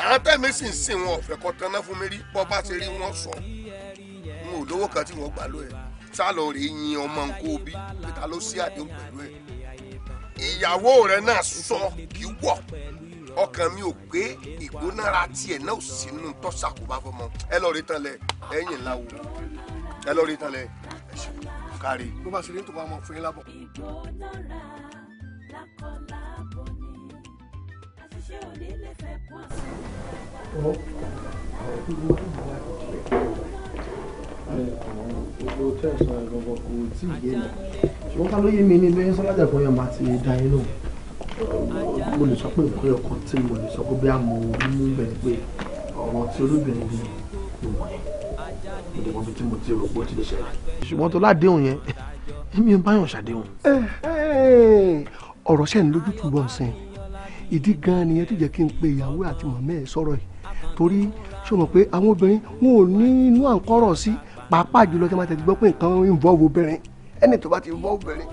àwọn tẹ̀mí sì ń sìn wọn ọ̀fẹ́ kan tán náà fún mi rí bọ́ bá ṣe rí wọn sọ n ò lówó kan tí wọ́n gbà lóye sálọ rè yin ọmọ nǹkó bí pété ló sí àdéhùn pẹ̀lú ẹ̀ ìyàwó rẹ̀ náà sọ kí wọ̀ ọkàn mi ò pé ìgbónára tiẹ̀ náà ò sínú tọ́sàkóbá fọmọ ẹ lọ rí tán lẹ ẹ̀yìn ńlá wo ẹ lọ rí tán lẹ ẹ ṣe kárí. ló bá ṣe ní tòun àmọ́ fún yín lábọ̀. ìgbónára lákọlábọ̀ ni àṣìṣe òní lè fẹ́ kún àṣìṣe. Gbogbo tẹ̀sán ẹ̀rọ kò tí ì yé mi. Ṣùgbọ́n ká ló yé mi ní bẹ́ẹ̀ sọ́lájà kan yẹn máa ti da yín lóhùn mo lè sọ pé nǹkan ọkàn tí mo lè sọ pé bí a mọ nínú pé ọ̀rọ̀ tí olóbìnrin ni mo mọ̀ ẹ́ ìdí wọn bí tí mo ti rò pé ó ti lè ṣẹlẹ̀. ṣùgbọ́n tó ládéhùn yẹn èmi ò báyọ̀ ṣàdéhùn. ọ̀rọ̀ ṣẹ̀ lójú túbọ̀ sẹ́yìn ìdí gan-an nìyẹn tó jẹ́ kí n pe ìyàwó àti màmá ẹ̀ sọ̀rọ̀ yìí torí ṣé o mọ̀ pé àwọn obìnrin wọn ò ní inú àǹkọ́rọ̀ sí pàápàá jùlọ kí wọ́n ti gbọ́ pé nǹkan involve obìnrin ẹni tó bá ti involve obìnrin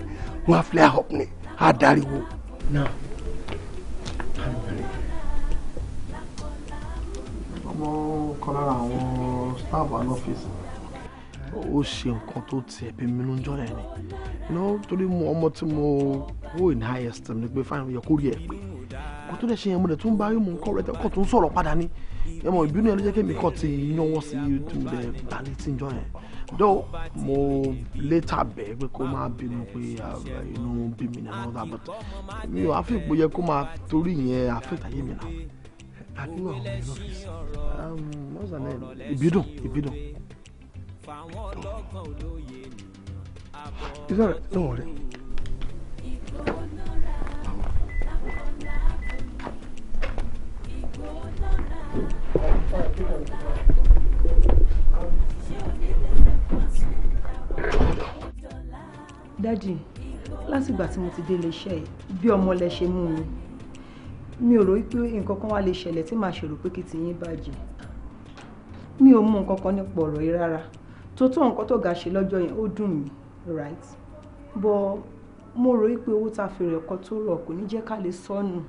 wọ́n á flare up ni á dariwo No, I'm very ọmọ kan lára àwọn staff and office ó ṣe nǹkan tó tiẹ̀ bí mi ló ń ni iná torí mo ọmọ tí mo wò ní highest. esteem ni pé fáwọn èèyàn kórìí ẹ̀ pé kó tó dẹ̀ ṣe yẹn mo dẹ̀ tún bá rí mo ń kọ́ rẹ̀ tó ń sọ̀rọ̀ padà ní ẹmọ ìbínú ẹ̀ ló jẹ́ kí èmi kọ́ ti yan wọ́n sí tí mo dẹ̀ bá ń jọ yẹn though mo later bẹ̀ pé kó má bínú pé inú bí mi náà ọ̀dà but mi ò àfi ìpò yẹ kó máa torí yẹn àfẹ́tà yé mi náà. àdúrà ọ̀hún ní ọ́fíìsì what's her name ìbídùn ìbídùn. ìsọ̀rọ̀ ẹ̀ lọ́wọ́ rẹ̀. Thank you dádì látìgbà tí mo ti dé iléeṣẹ́ yìí bí ọmọ lẹ ṣe mú mi mi ò rò pé nǹkan kan wá lè ṣẹlẹ̀ tí màá ṣèrò pé kí tiyín bàjẹ́ mi ò mú nǹkan kan nípa ọ̀rọ̀ yìí rárá tó tó nǹkan tó ga ṣe lọ́jọ́ yẹn ó dùn mí right but mo rò pé owó tá a fi rẹ̀ kọ́ tó rọ̀ kò ní jẹ́ ká lè sọnù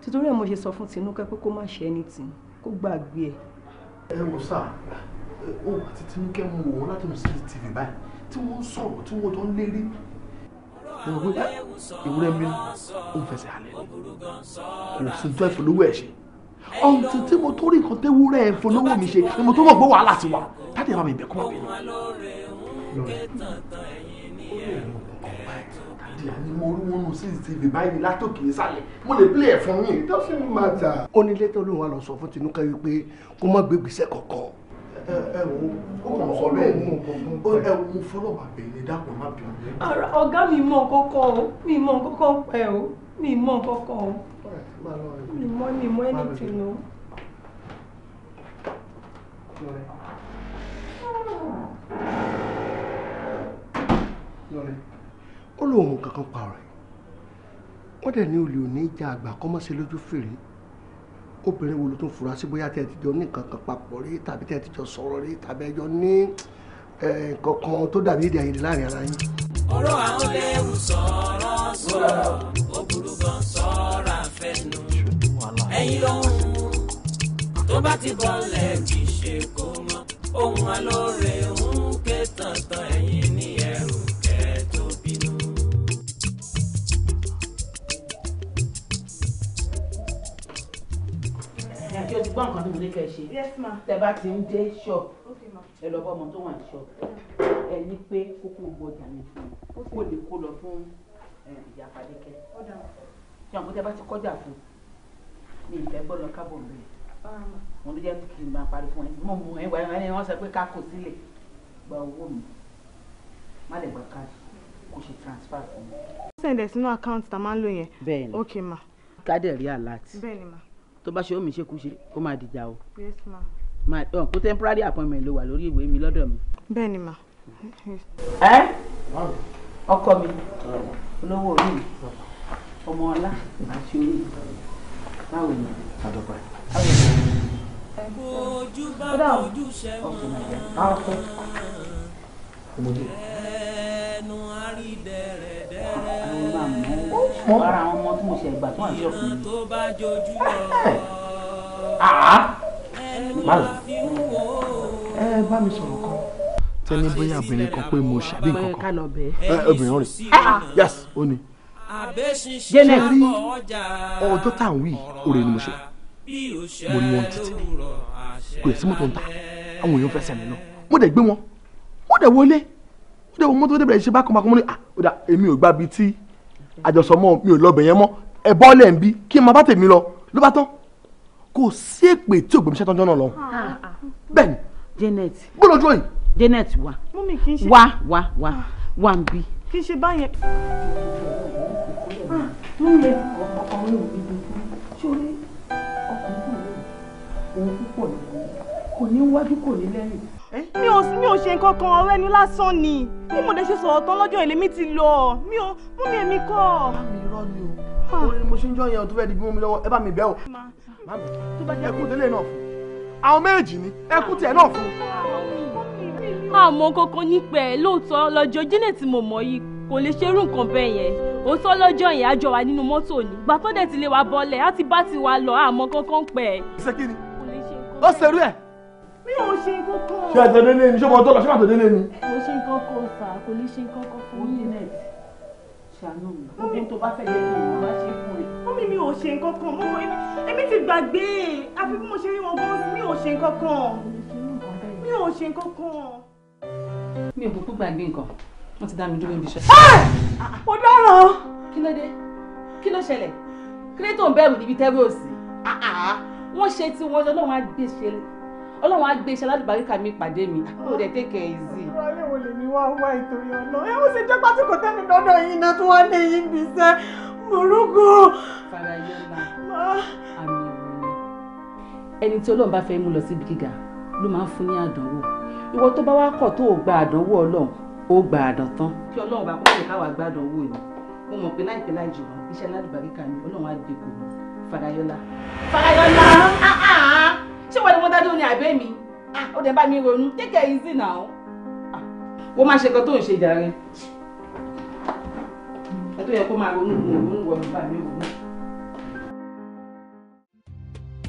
títorí ẹ̀ mo ṣe sọ fún Tinúkẹ́ pé kó má ṣe anything kó gbàgbé ẹ̀. ẹ wò sáà ó àti Tinúkẹ́ mú òun láti mú sí tv báyìí tí wọ́n sọ̀rọ̀ tí wọ́n jọ ń lérí wọ́n pé ah, ìwúrẹ́ mi ò ń fẹsẹ̀ alẹ́ ni kò sí tó ẹ̀fọ́ lówó ẹ̀ ṣe ọ̀ǹtì tí mo tó rí nǹkan tó wúrẹ́ ẹ̀fọ́ lówó mi ṣe ni mo tó mọ̀ pé wàhálà ti wà tádé àwọn ìbẹ̀ kọ́ ọ̀bẹ̀ ni mo rí wọn nù CCTV báyìí ni látòkè ìsàlẹ̀ mo lè play ẹ̀ fún mi. it doesn't matter. ó ní létí olóhùn wa lọ sọ fún Tinúkẹ́ wípé kó má gbégbèsè kankan ẹ wo ó kàn sọ bẹ́ẹ̀ ni ó ẹ wo fọlọ́ọ̀bà bẹ́ẹ̀ ni dákun má bínú. ara ọ̀gá mi mọ kọ́kọ́ o mi mọ kọ́kọ́ pẹ́ o mi mọ kọ́kọ́ o mi mọ mi mọ anything o. ó lóun kankan pa ọ̀rẹ́ wọ́n dẹ̀ ní olè ò ní àgbà kọ́mọ́sí lójú fèrè obìnrin wo ló tún fura sí bóyá tẹ́ ti jọ ní nǹkan kan papọ̀ rí tàbí tẹ́ ti jọ sọ̀rọ̀ rí tàbí ẹ ní nǹkan tó dàbí èdè àìyedè láàrin ara yín. ọ̀rọ̀ àwọn léwu sọ̀rọ̀ sọ̀rọ̀ ó gan sọ̀rọ̀ àfẹnu ẹ̀yin lóhùn tó bá ti bọ̀ lẹ́ẹ̀kì ṣe kó mọ́ ohun alóore ń ké tọ̀tọ̀ ẹ̀yin ṣe ti gbọ́ nǹkan tó lè kẹ́ ṣe tẹ́ bá ti ń dé ṣọ́ọ̀bù ẹ lọ bá ọmọ tó wà ní ṣọ́ọ̀bù ẹ ní pé kókó gbọ́jà mi fún un kó lè kó lọ fún ìyá Fadékẹ́ ṣé àwọn tẹ́ bá ti kọjá fún mi ìfẹ́ gbọ́ lọ kábọ̀ mi mo ló jẹ́ kí n máa parí fún ẹ mo mú ẹ wá ẹ wọ́n sọ pé ká kò sílẹ̀ gba owó mi má lè gba káàdì kò ṣe transfer fún mi. send ẹ̀ sínú àkáǹtì tá a máa ń lò yẹn. bẹ́ẹ̀ ni ok ma. kádẹ̀ rí alert. bẹ́ẹ̀ ni ma tó bá ṣe ó mi ṣe kó máa dìjà o. yes ma. ma ọ kó temporary appointment ló wà lórí ìwé mi lọ́dọ̀ mi. bẹ́ẹ̀ ni ma. ẹ ọkọ mi olówó orí mi ọmọ ọlá àti orí mi báwo ni. adọ́pẹ́. ojú bá ojú ṣe wọ́n. ẹnu àrídẹ̀rẹ̀ náwó ara àwọn ọmọ tí mo ṣe ìgbà tí wọ́n ṣe ọkùnrin. báwo ẹ bá mi sọ̀rọ̀ kan tẹ́ni bóyá obìnrin kan pé mo ṣàbí nǹkan kan obìnrin rẹ̀ yes ó ní. jẹ́nẹ̀ rí ọjọ́ tá à ń wí òre ni mo ṣe mo ní wọn títí kò yẹ sí mọ́tò ń ta àwọn èèyàn fẹsẹ̀ mi mo dẹ̀ gbé wọn mo dẹ̀ wọlé mo dẹ̀ wọ mọ́tò dẹ̀ bẹ̀rẹ̀ ṣe bákan bákan mo ní ah ó dà èmi ò gbà bíi tí àjọsọmọ mi ò lọbẹ yẹn mọ ẹ bọ́ọ̀lẹ̀ ń bí kí n máa bá tèmi lọ ló bá tán kò sí èpè tí ògbémi ṣẹ́tọ́jọ́ náà lọ ah, ah, ah. bẹ́ẹ̀ ni Janet gbọ́dọ̀ dúró yìí. Janet wa wa wa wa wa ń bí. kì í ṣe báyẹn. mú mi ọkùnrin òbí dúró sórí ọkùnrin òbí púpọ̀ kò ní wájú kò ní lẹ́yìn mi ò mi ò ṣe nǹkan kan ọ̀rọ̀ ẹni lásán ni bí mo dé ṣe sọ̀rọ̀ tán lọ́jọ́ èlémi ti lọ mi ò mú mi èmi kọ́. má mi irọ́ ni o ah. mo ṣe ń jọ yẹn o tó di bí mo mi lọ́wọ́ ẹ bá mi bẹ́ o má mi ẹkún délé náà fún àwọn méjèèjì ni ẹkún tiẹ̀ náà fún. àmọ́ ah, kókó nípa ẹ̀ lóòótọ́ lọ́jọ́ jílẹ̀ tí mo mọ̀ yìí kò lè ṣerú nǹkan bẹ́ẹ̀ yẹn òótọ́ lọ́jọ́ yẹn àjọ wa nínú mọ́tò ni gbàtọ́dẹ̀ ti lè wa bọ́lẹ̀ á ti bá ti wa lọ àmọ́ kọ́kọ́ pẹ́ ẹ̀. ó ṣerú ẹ̀ mi ò ṣe nǹkan kan. ṣé àtọ̀ délé ni ṣé ọmọ tó lọ ṣé àtọ̀ délé ni. mo ṣe nǹkan kan fà á kò ní ṣe nǹkan fún yín ṣàánú mi gbogbo tó bá fẹ́ yẹ kí bá ṣe fún ẹ. wọ́n mi mi ò ṣe nǹkan mo mọ èmi ti gbàgbé àfi bí mo ṣe rí wọn gan mi ò ṣe nǹkan mi ò ṣe nǹkan mi ò kúkú gbàgbé nǹkan wọ́n ti dá mi dúró níbi iṣẹ́. Ah! Ah! ó dára. kí ló dé kí ló ṣẹlẹ̀ kí ló tó ń bẹ̀rù níbi tẹ́wé òsì ah, wọ́n ṣe tí wọ́n lọ́wọ́ á ọlọ́run á gbé iṣẹ́ alálùbáríkà mi pàdé mi ah. ó dẹ̀ tẹ́kẹ̀ ẹ̀ zì. ìrọ̀lẹ́ wo lèmi wá wá ìtòrí ọ̀nà ẹ ó sì jẹ́ pátí kò tẹ́mi dọ́dọ̀ yín náà tí wọ́n lé yín bí iṣẹ́ burúkú. farayọlá ah. àmì ìwòye ẹni tí ọlọ́run bá fẹ́ mú lọ síbi gíga ló máa ń fún ní àdánwò ìwọ tó bá wá kọ̀ tó gba àdánwò ọlọ́run ó gba àdán tán. kí ọlọ́run bá kọ́ ni àbẹ́ mi ó dẹ̀ bá mi ronú take it easy now wọ́n máa ṣe nǹkan tó ń ṣe jàre ẹ tó yẹ kó máa ronú ronú wọ̀ bá mi ronú.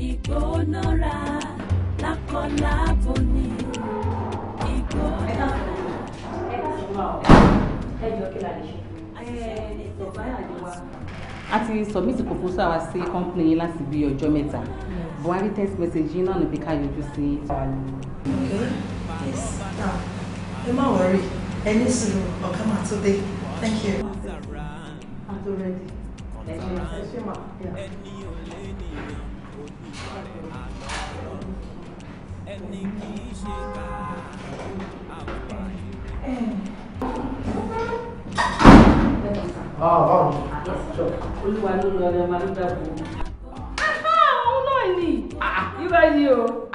ìgbónára lákọlá bò ní ìgbónára. a ti submit proposal wa sí company láti bí ọjọ́ mẹ́ta buhari text message yín náà níbi ká yọjú sí ìfàlù. ẹ má wọrí ẹ ní sùn ọ̀ká máa tó Today. thank you. I'm Already. ready. ẹ ṣe máa. ẹni kì í ṣe ká àgbà yìí. báwo báwo. olúwa ló lọ Ah, ah, báyìí ni ibà yìí o.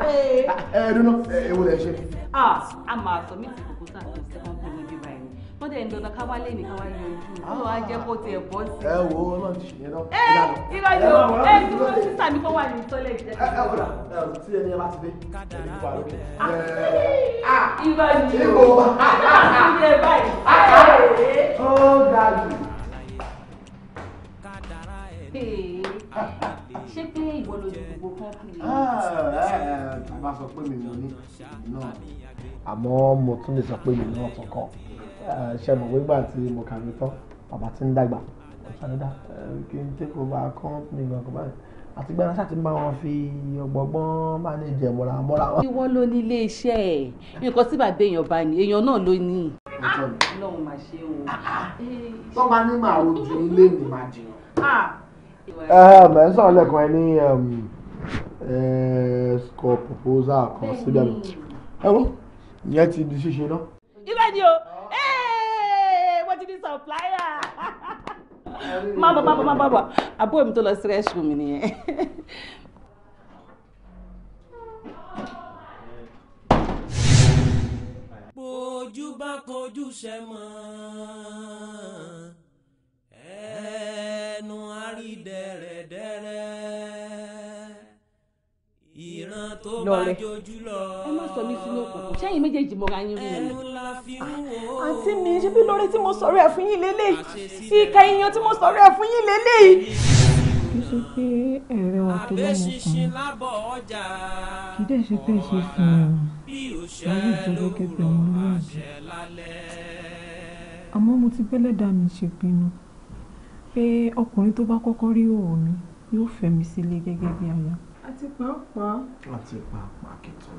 ẹ ẹ dunu ẹ wo lẹ ṣe. Ah, a máa sọ mí ti kókó sáà tó sẹ́kọ̀n pé níbi báyìí wọ́n dẹ̀ ń dandan ká wá lé mi ká wá yọ ojú kó wá jẹ́ kó tiẹ̀ bọ́ sí. ẹ eh, wo ọlọ́run ti ṣèyẹn náà. Eh, ẹ ibà yìí o eh, ẹ dúró sísà mi kó wà ní tọ́lẹ̀ ìjẹ́. ẹ ẹ wọlá ẹ tí ẹni ẹ bá ti dé ẹni kó àlọ́ kẹ. ibà yìí o ibà yìí o. ó ga jù ṣé pé ìwọ ló ju gbogbo káàkiri. Ah, eh, tó bá sọ pé mi ò ní náà àmọ́ mo tún lè sọ pé mi náà tún kọ́ eh, ṣe mọ̀ wígbà tí mo kàwé tán bàbá ti ń dàgbà ọ̀sánidá eh, kí n tẹ́kọ̀ bá kọ́ńpìnì gbọ̀ngàn báyìí àti gbẹ́rẹ́ sáà ti máa wọn fi ọgbọ̀gbọ́n máa ní ìjẹ̀ mọ́ra mọ́ra wọn. ìwọ ló ní ilé iṣẹ́ ẹ̀ nǹkan tí bàbá èèyàn bá ní èèyàn náà ló ní. ọlọ́run máa ṣe o. tó bá ní màá rojú ilé mi máa jìyàn. Ah, Ah, ẹ ń sọ̀rọ̀ lẹ́kùn ẹ ní um, score proposal kan síbi àná ẹ wọ́n ìyẹn ti di ṣíṣe náà. ibẹ̀ ni o wọ́n ti di supplier má bọ̀ má bọ̀ má bọ̀ àbúrò mi tó lọ sí restroom nìyẹn. bójú bá kojú ṣe mọ́. lọrẹ ẹ má sọ mí sínú òkùnkùn sẹ́yìn méjèèjì mọra yín rí ni. àǹtí mi ṣe bí lórí tí mo sọ̀rọ̀ ẹ̀ fún yín lélẹ́yìí ìka èèyàn tí mo sọ̀rọ̀ ẹ̀ fún yín lélẹ́yìí. kì í ṣe pé ẹ̀rẹ́ wa tó lọ́wọ́ kan kì í dẹ̀ ṣe pé ṣe fún un láyé ìjọba kẹfẹ́ mi lórí àmọ́ mo ti bẹ́lẹ́dà mi ṣèpinnu pé ọkùnrin tó bá kọ́kọ́ rí òun mi yóò fẹ́ mi sílé gẹ́gẹ́ bí aya àti pàápàá. àti pàápàá kìtọ́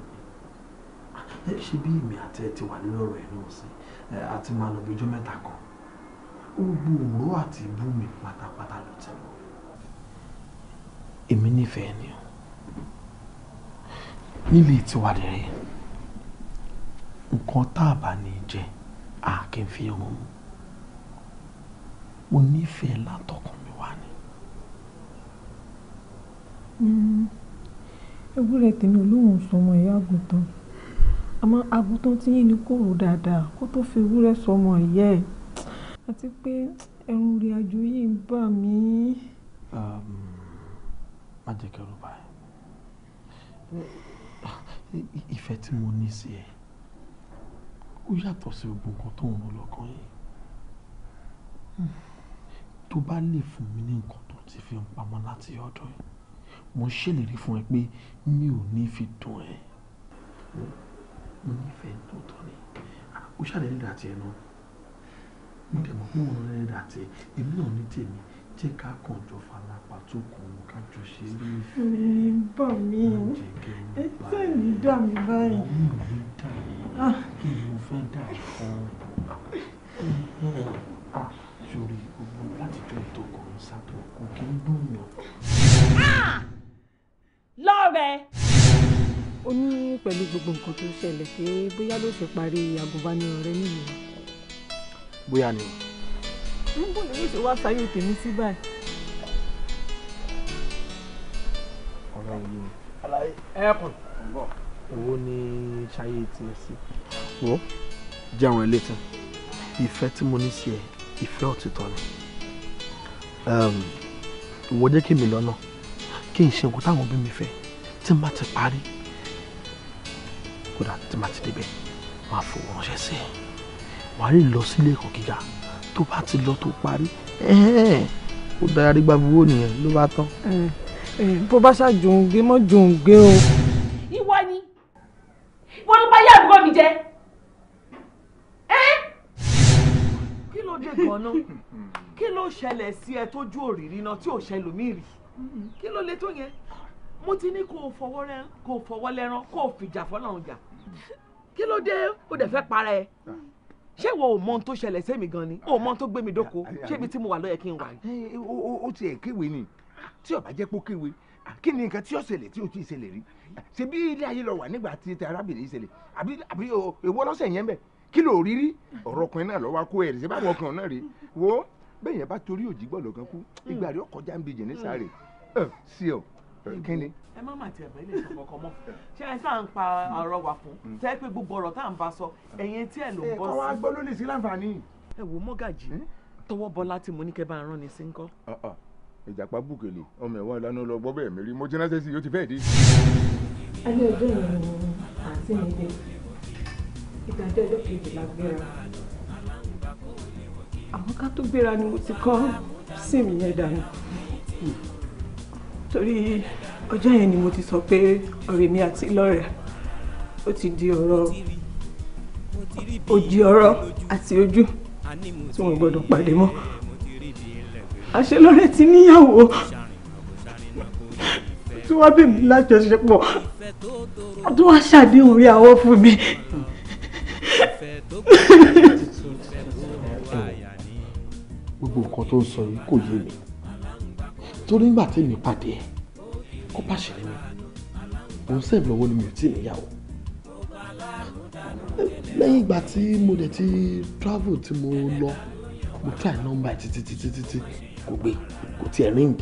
ni ṣé bí èmi àti ẹ ti wà nínú ọ̀rọ̀ ẹ̀ náà sí àti máa lọ bíjọ́ mẹ́ta kan gbogbo òró àti ibú mi pátápátá ló ti lọ. èmi nífẹ̀ẹ́ ni o nílé tiwa dẹ̀rẹ̀ nǹkan tá a bá ní jẹ a kì í fi ọmọ mu mo nífẹ̀ẹ́ látọkùn Mm. ewúrẹ́ tèmi ò lóun sọmọ ìyá àgùntàn àmọ́ àgùntàn tí yín ni kò rò dáadáa kó tó fi ewúrẹ́ sọmọ ìyá ẹ̀ àti pé ẹ̀rù ìrìn àjò yìí ń bà mí. Um, má jẹ́ kí ẹ̀rù bà ẹ́ ìfẹ́ tí mo ní sí ẹ ó yàtọ̀ sí gbogbo nǹkan tó ń rò lọ́kàn yìí tó bá lè fún mi ní nǹkan tó ti fi ń pamọ́ láti ọdún yìí mo ṣèlérí fún ẹ pé mi ò ní fi dùn ẹ mo nífẹ̀ẹ́ tòótọ́ ni ó ṣàlẹ́lẹ́ dà tiẹ̀ náà mo dẹ̀ mọ̀ pé òun rẹ̀ dà tiẹ̀ èmi náà ní tèmi jẹ́ ká kàn jọ falapa tó kàn mọ́ ká jọ ṣe é ní ìfẹ́. mi bọ̀ mi dà mí báyìí. mi ò ní dà yìí ah. kí ni mo fẹ́ dà fún sórí gbogbo látijọ́ ìtọ́kọ̀ ń sábà kò kí ń dùn yàn. Ah! ẹ. ó ní pẹ̀lú gbogbo nǹkan tó ṣẹlẹ̀ pé bóyá ló ṣe parí agùnbánirọ̀ rẹ nílùú. bóyá ni. níbo ni yóò ṣe wá sáyé tèmi sí báyìí. ọ̀rọ̀ yìí ni. àlàyé ẹ̀ẹ́kùn. owó ní ṣayé tiẹ̀ sí. wọ́n jẹ́ àwọn ilé tán ìfẹ́ tí mo ní sí ẹ ìfẹ́ òtítọ́ ni ìwọ jẹ́ kí mi lọ́nà kí n ṣe nǹkan táwọn òbí mi fẹ́ tí n bá ti parí kódà tí n bá ti débẹ̀ máa fowó ránṣẹ́ sí ẹ wàá lè lọ sílé ẹ̀kọ́ gíga tó bá ti lọ tó parí ó dára rí gbàgbówó nìyẹn ló bá tán. bó bá ṣàjòǹgbé mọ́ jòǹgbé o. ìwọ ni ìwọ ló bá yá àbúrò mi jẹ kí ló dé gan-an kí ló ṣẹlẹ̀ sí ẹ tójú òrìrì náà tí ò ṣẹlòmíì rí kí ló lè tó yẹn mo ti ní kó o fọwọ́ rẹ kó o fọwọ́ lẹ́rán kó o fìjà fọlọ́run jà kí ló dé o dẹ̀ fẹ́ para ẹ ṣé ìwọ ò mọ ohun tó ṣẹlẹ̀ sẹ́mi gan ni o mọ ohun tó gbé mi dóko ṣébi tí mo wà ló yẹ kí n wà. ó tiẹ̀ kéwèé ni tí ó bá jẹ́ pó kéwèé kí ni nǹkan tí ó ṣẹlẹ̀ tí ó ti ṣẹlẹ̀ rí ṣe bí ilé ayé lọ wà nígbà tí ti arábìnrin ṣẹlẹ̀ àbí àbí èwo lọ́sẹ̀ yẹn bẹ̀ kí ló rí rí ọ̀rọ̀ ọkùnrin náà lọ́wọ́ kó ẹ̀rì ṣe báwọn ọkùnrin náà rí wo bẹ́ẹ̀ yẹn bá torí òjì gbọ́dọ̀ kan kú ìgbà rí ọkọjá ń bi jẹ̀ ní sáré mm. ẹ̀ sí ọ kí ni. ẹ má má tiẹ̀ bẹ́ẹ̀ lè sọ kankan mọ́ ṣé ẹ tá à ń pa ọ̀rọ̀ wà fún tẹ́ mm. pé gbogbo ọ̀rọ̀ tá à ń bá sọ ẹ̀yìn tí ẹ̀ ló ń bọ́ sí. ẹ kọ́ wa gbọ́ ló lè sí láǹfààní. ẹ wo mọ́gàjì eh? tọwọ́ bọ́lá tí mo ní kẹ́ bá rán ni sí ń kọ́. Ah, ah. ìjàpá bùkèlè ọmọ ẹ̀wọ̀n ìlànà lọ gbọ́ bẹ́ẹ̀ mérí mo jẹ́nà sẹ́sì yóò ti fẹ́ẹ̀ dé. alẹ́ ọjọ́ yẹn ni àǹtí mi dé ìdájọ́ ọjọ́ kejì la gbéra àwọn ká tó gbéra ni mo ti kọ́ sí mi yẹn dànù torí ọjọ́ yẹn ni mo ti sọ pé ọ̀rẹ́ mi àti lọ́rẹ̀ẹ́ ó ti di ọ̀rọ̀ òjì ọ̀rọ̀ àti ojú tí wọ́n gbọ́dọ̀ pàdé mọ́ àṣẹ lọ́rẹ̀ẹ́ ti níyàwó tí wọ́n bẹ̀ mí lájọṣepọ̀ tí wọ́n ṣàdéhùn rí àwọ̀ fún mi. gbogbo nǹkan tó ń sọ yìí kò yé mi torí nígbà tí mi pàdé ẹ kó pàṣẹ mi òun sẹ́ẹ̀ lọ́wọ́ ni mi ò tí ì níyàwó lẹ́yìn ìgbà tí mo dẹ̀ ti travel tí mo lọ mo try number ẹ̀ títí títí títí kò gbé kò tiẹ̀ ring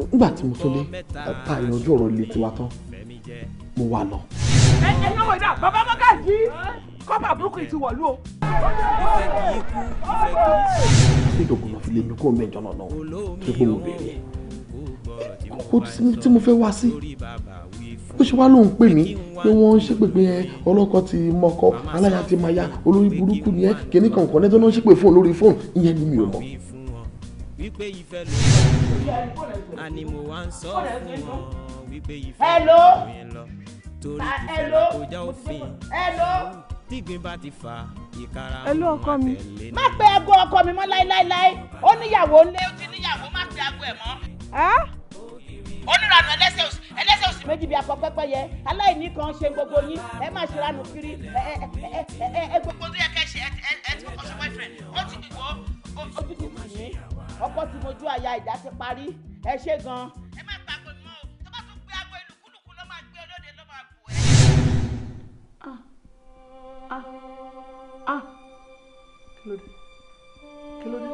nígbà tí mo tún dé ta ìyanjú ọ̀rọ̀ ilé tiwa tán mo wà lọ. ẹ ẹ yọ̀wọ̀ ìdá bàbá mọ́gàjì kọ́pà burúkú yìí ti wọ̀lú o. ìfẹ́ kì í kú ìfẹ́ kì í ṣe. ṣé ìdògùn náà fi lè mi kó mẹ́jọ náà náà tó kó mo bèrè kó tí mo fẹ́ wá sí ó ṣe wá ló ń pè mí pé wọ́n ń ṣépè pé ọlọ́kọ ti mọ́kọ aláya ti máa ya olórí burúkú ni ẹ kíní kankan lẹ́tọ́ náà ṣépè fóònù lórí fóònù ìyẹn ni mi ò mọ̀. wípé ìfẹ́ ló tígbín bá ti fà ìkara mọ́ ọkọ mi. má pe aago ọkọ mi mọ́ láéláéláé ó níyàwó lé ó ti níyàwó má pe aago ẹ̀ mọ́. ó níranù ẹlẹ́sẹ̀ òsì ẹlẹ́sẹ̀ òsì méjì bíi apọ̀pẹ́pẹ́ yẹ aláìní kan ṣe gbogbo yín ẹ má ṣe ránù kiri ẹ ẹ ẹ ẹ gbogbo tó yẹ kẹ́ ṣe ẹ ẹ ti kọ́kọ́ ṣe boyfriend ó ti dìbò ojú ti tì mí ọkọ ti mojú àyà ìjà ti parí ẹ ṣe gan. ẹ má pa àgbo mọ́ o tó bá ah ah kí ló dé kí ló dé.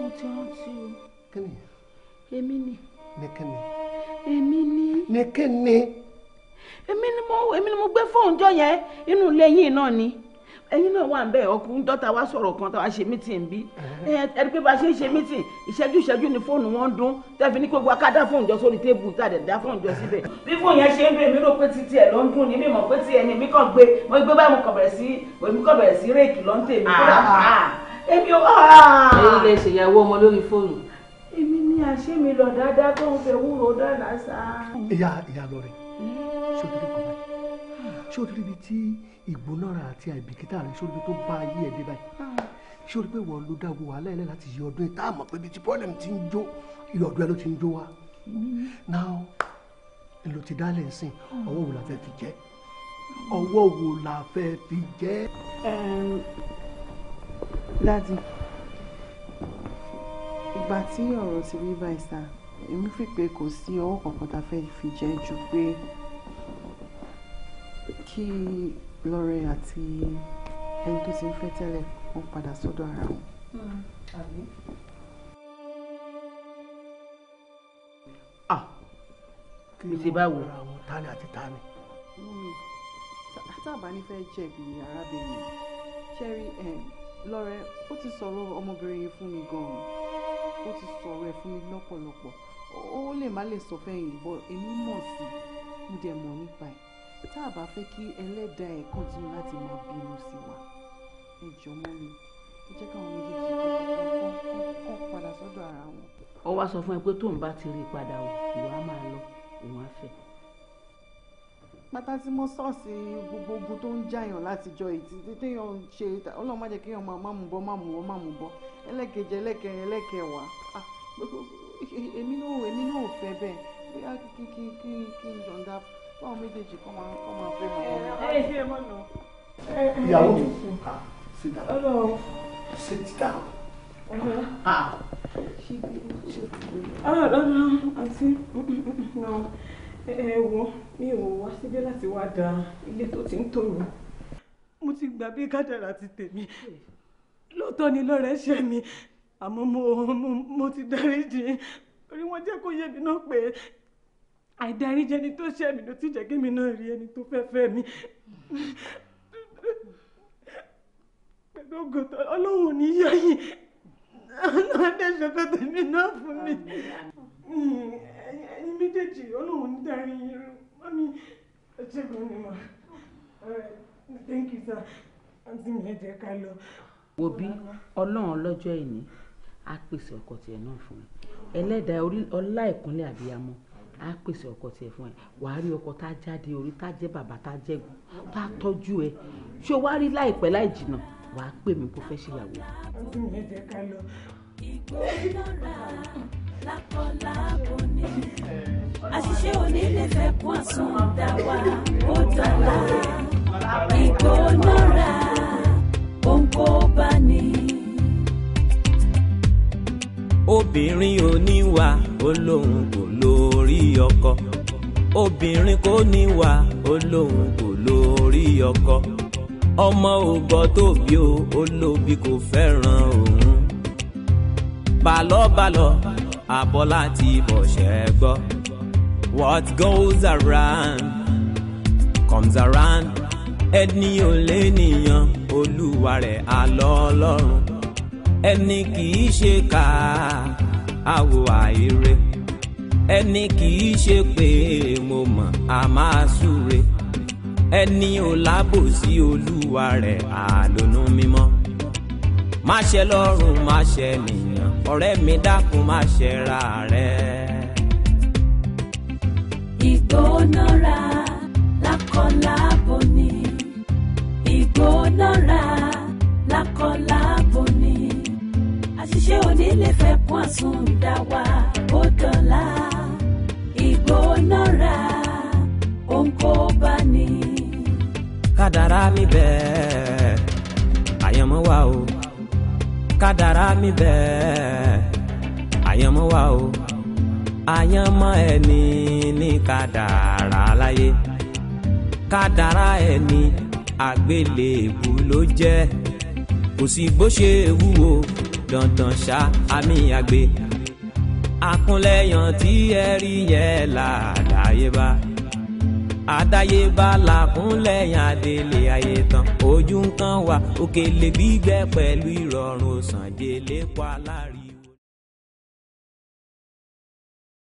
mo ti Emini. o. kí ni. Emini ni. ní kí ni. mo Emini mo gbé fóònù jọ yẹn inú ilé yìí náà ni ẹ̀yin náà wà nbẹ ọkùnrin dọ́ta wá sọ̀rọ̀ kan tá a ṣe mítìn bí ẹni pé bá a ṣe ń ṣe mítìn ìṣẹ́jú ìṣẹ́jú ni fóònù wọn ń dún tẹ́fì ní gbogbo akádá fóònù jọ sórí téèbù tá a dẹ̀ dá fóònù jọ síbẹ̀. bí fóònù yẹn ṣe ń bèrè mi rò pé títí ẹ̀ ló ń dún ní mímọ̀ pé tí ẹni mi kàn gbé mo gbé báyìí mo kàn bẹ̀rẹ̀ sí èmi kàn bẹ̀rẹ̀ sí réèkì ló ń tè mí kúrò ah. ah, èmi ò èyí lè ṣèyàwó ọmọ lórí fóònù. èmi ni àṣé mi lọ dáadáa tó ń fẹ́ wúro dáadáa sáà. ìyá ìyá lọ rẹ̀ hmm. ṣé o ti rí ibi tí ìgbónára àti àìbìkítà rẹ sórí pé tó bá ayé ẹ̀ dé báyìí hmm. sórí pé wọ́n ló dáwọ́ wàhálà ẹ̀ láti yí ọdún yìí tá pé bí ti problem ti ń jó iye ọdún ẹ̀ ló ti ń jó wa hmm. now èlò ti dálẹ̀ ń sìn hmm. ọwọ́ wo la fẹ́ fi jẹ́ ọwọ́ wo la fẹ́ fi jẹ́. dadi ìgbà tí ọ̀rọ̀ ti rí báyìí sá èmi fi pé kò sí ọwọ́ kankan tá a fẹ́ fi jẹ́ ju pé kí lọ́rẹ́ àti ẹni tó ti ń fẹ́ tẹ́lẹ̀ wọ́n padà sọ́dọ̀ ara wọn. à ah, kí ṣe báwo. ara wọn tani àti tani. sábà hmm, ní fẹ́ jẹ̀bi arábìnrin ṣẹ́rí lọ́rẹ́ ó ti sọ̀rọ̀ ọmọbìnrin yìí fún mi gan-an ó ti sọ̀rọ̀ ẹ̀ fún mi lọ́pọ̀lọpọ̀ ó lè má lè sọ fẹ́yìn bọ́ èmi mọ̀ sí i mo dẹ̀ mọ̀ nípa ẹ̀ tá a bá fẹ́ kí ẹlẹ́dàá ẹ̀ kọ́ntínú láti máa bínú sí wa ẹ jọ mọ́ mi ẹ jẹ́ káwọn méjèèjì kọ́ padà sọ́dọ̀ ara wọn. ó wá sọ fún ẹ pé tóun bá ti rí i padà o ìwà á máa lọ òun á fẹ́. pátá tí mo sọ́ọ̀sì gbogbo ogun tó ń jàyàn látijọ́ ètí téèyàn ń ṣe ọlọ́run má jẹ́ kéèyàn máa má mú bọ́ má mú bọ́ má mú bọ́ ẹlẹ́kejì ẹlẹ́kẹrin ẹlẹ́kẹwàá ah, èmi náà fáwọn méjèèjì kọ́ máa kọ́ máa Hello. màá. ẹ ṣe mọ́ nù. ìyàwó mi ah, sit down sit down. àǹtí ẹ wo mi ò wá síbí láti wá da ilé tó ti ń tòrò mo ti gbà bí kádàrà ti tèmi lóòótọ́ ni lọ́rẹ́ ṣe mi àmọ́ mo mo mo ti dáríjì orí wọn jẹ́ kó yé mi náà pé àìdáríjẹni tó ṣẹ̀ mí ló ti jẹ́ kí mi náà rí ẹni tó fẹ́ fẹ́ mi pẹ̀lú ògòtò ọlọ́run ní yọ yìí ọlọ́run dẹ́sẹ̀ tó tẹ̀mí náà fún mi ẹ̀yin méjèèjì ọlọ́run ní darí yín mọ́mí ẹ̀ṣẹ̀gun ni mà thank you sir àǹtí mi ẹ jẹ́ ká lọ. wo bí ọlọ́run lọ́jọ́ ìní á pèsè ọkọ tiẹ̀ náà fún mi ẹlẹ́dàá ọlá ìkúnlẹ̀ àbíyamọ á pèsè ọkọ tiẹ̀ fún ẹ wà á rí ọkọ tá a jáde orí tá a jẹ́ bàbá tá a jẹ́ gùn tá a tọ́jú ẹ ṣé o wá rí láìpẹ́ láì jìnnà wà á pè mí kó fẹ́ ṣèyàwó. àṣìṣe òní lè fẹ́ kún àsun dá wa ó dọ̀la ìgbónára òǹkó bá obìnrin oníwà olóhùn kò lórí ọkọ obìnrin kò níwà olóhùn kò lórí ọkọ ọmọ ògbọ́ tóbi o olóbi kò fẹ́ràn òun balọ̀balọ̀ àbọ̀ láti bọ̀ṣẹ́ gbọ́ what goes around comes around ẹni ò lé nìyàn olúwa rẹ̀ alọ́ ọlọ́run ẹni kì í ṣe kà àwò àìrè ẹni kì í ṣe pé mo mọ̀ a máa súre ẹni ò lábòsí olúwa rẹ̀ àlónú mímọ́ má ṣe lọ́rùn má ṣe nìyàn ọ̀rẹ́ mi dákun má ṣe ra rẹ̀. ìgbónára lákọlábo ni ìgbónára lákọlábo àṣìṣe onílé fẹ́ pọ́n àsúndà wa ó dọ̀la ìgbónára ó ń kó bá ní. kádàrá mi bẹ́ẹ̀ àyànmọ́ wa o kádàrá mi bẹ́ẹ̀ àyànmọ́ wa o àyànmọ́ ẹni ní kádàrá láyé kádàrá ẹni àgbélébù ló jẹ́ kò sí bó wúwo dandan ṣá àmì àgbẹ̀ àkúnlẹ̀yàn tí ẹ rí yẹn làdáyébá àdáyébá làkúnlẹ̀yàn adélé ayé tán ojú ń kan wà òkèlè gbígbẹ pẹ̀lú ìrọ̀rùn òsànjẹ lẹ́kọ̀ọ́ alárí.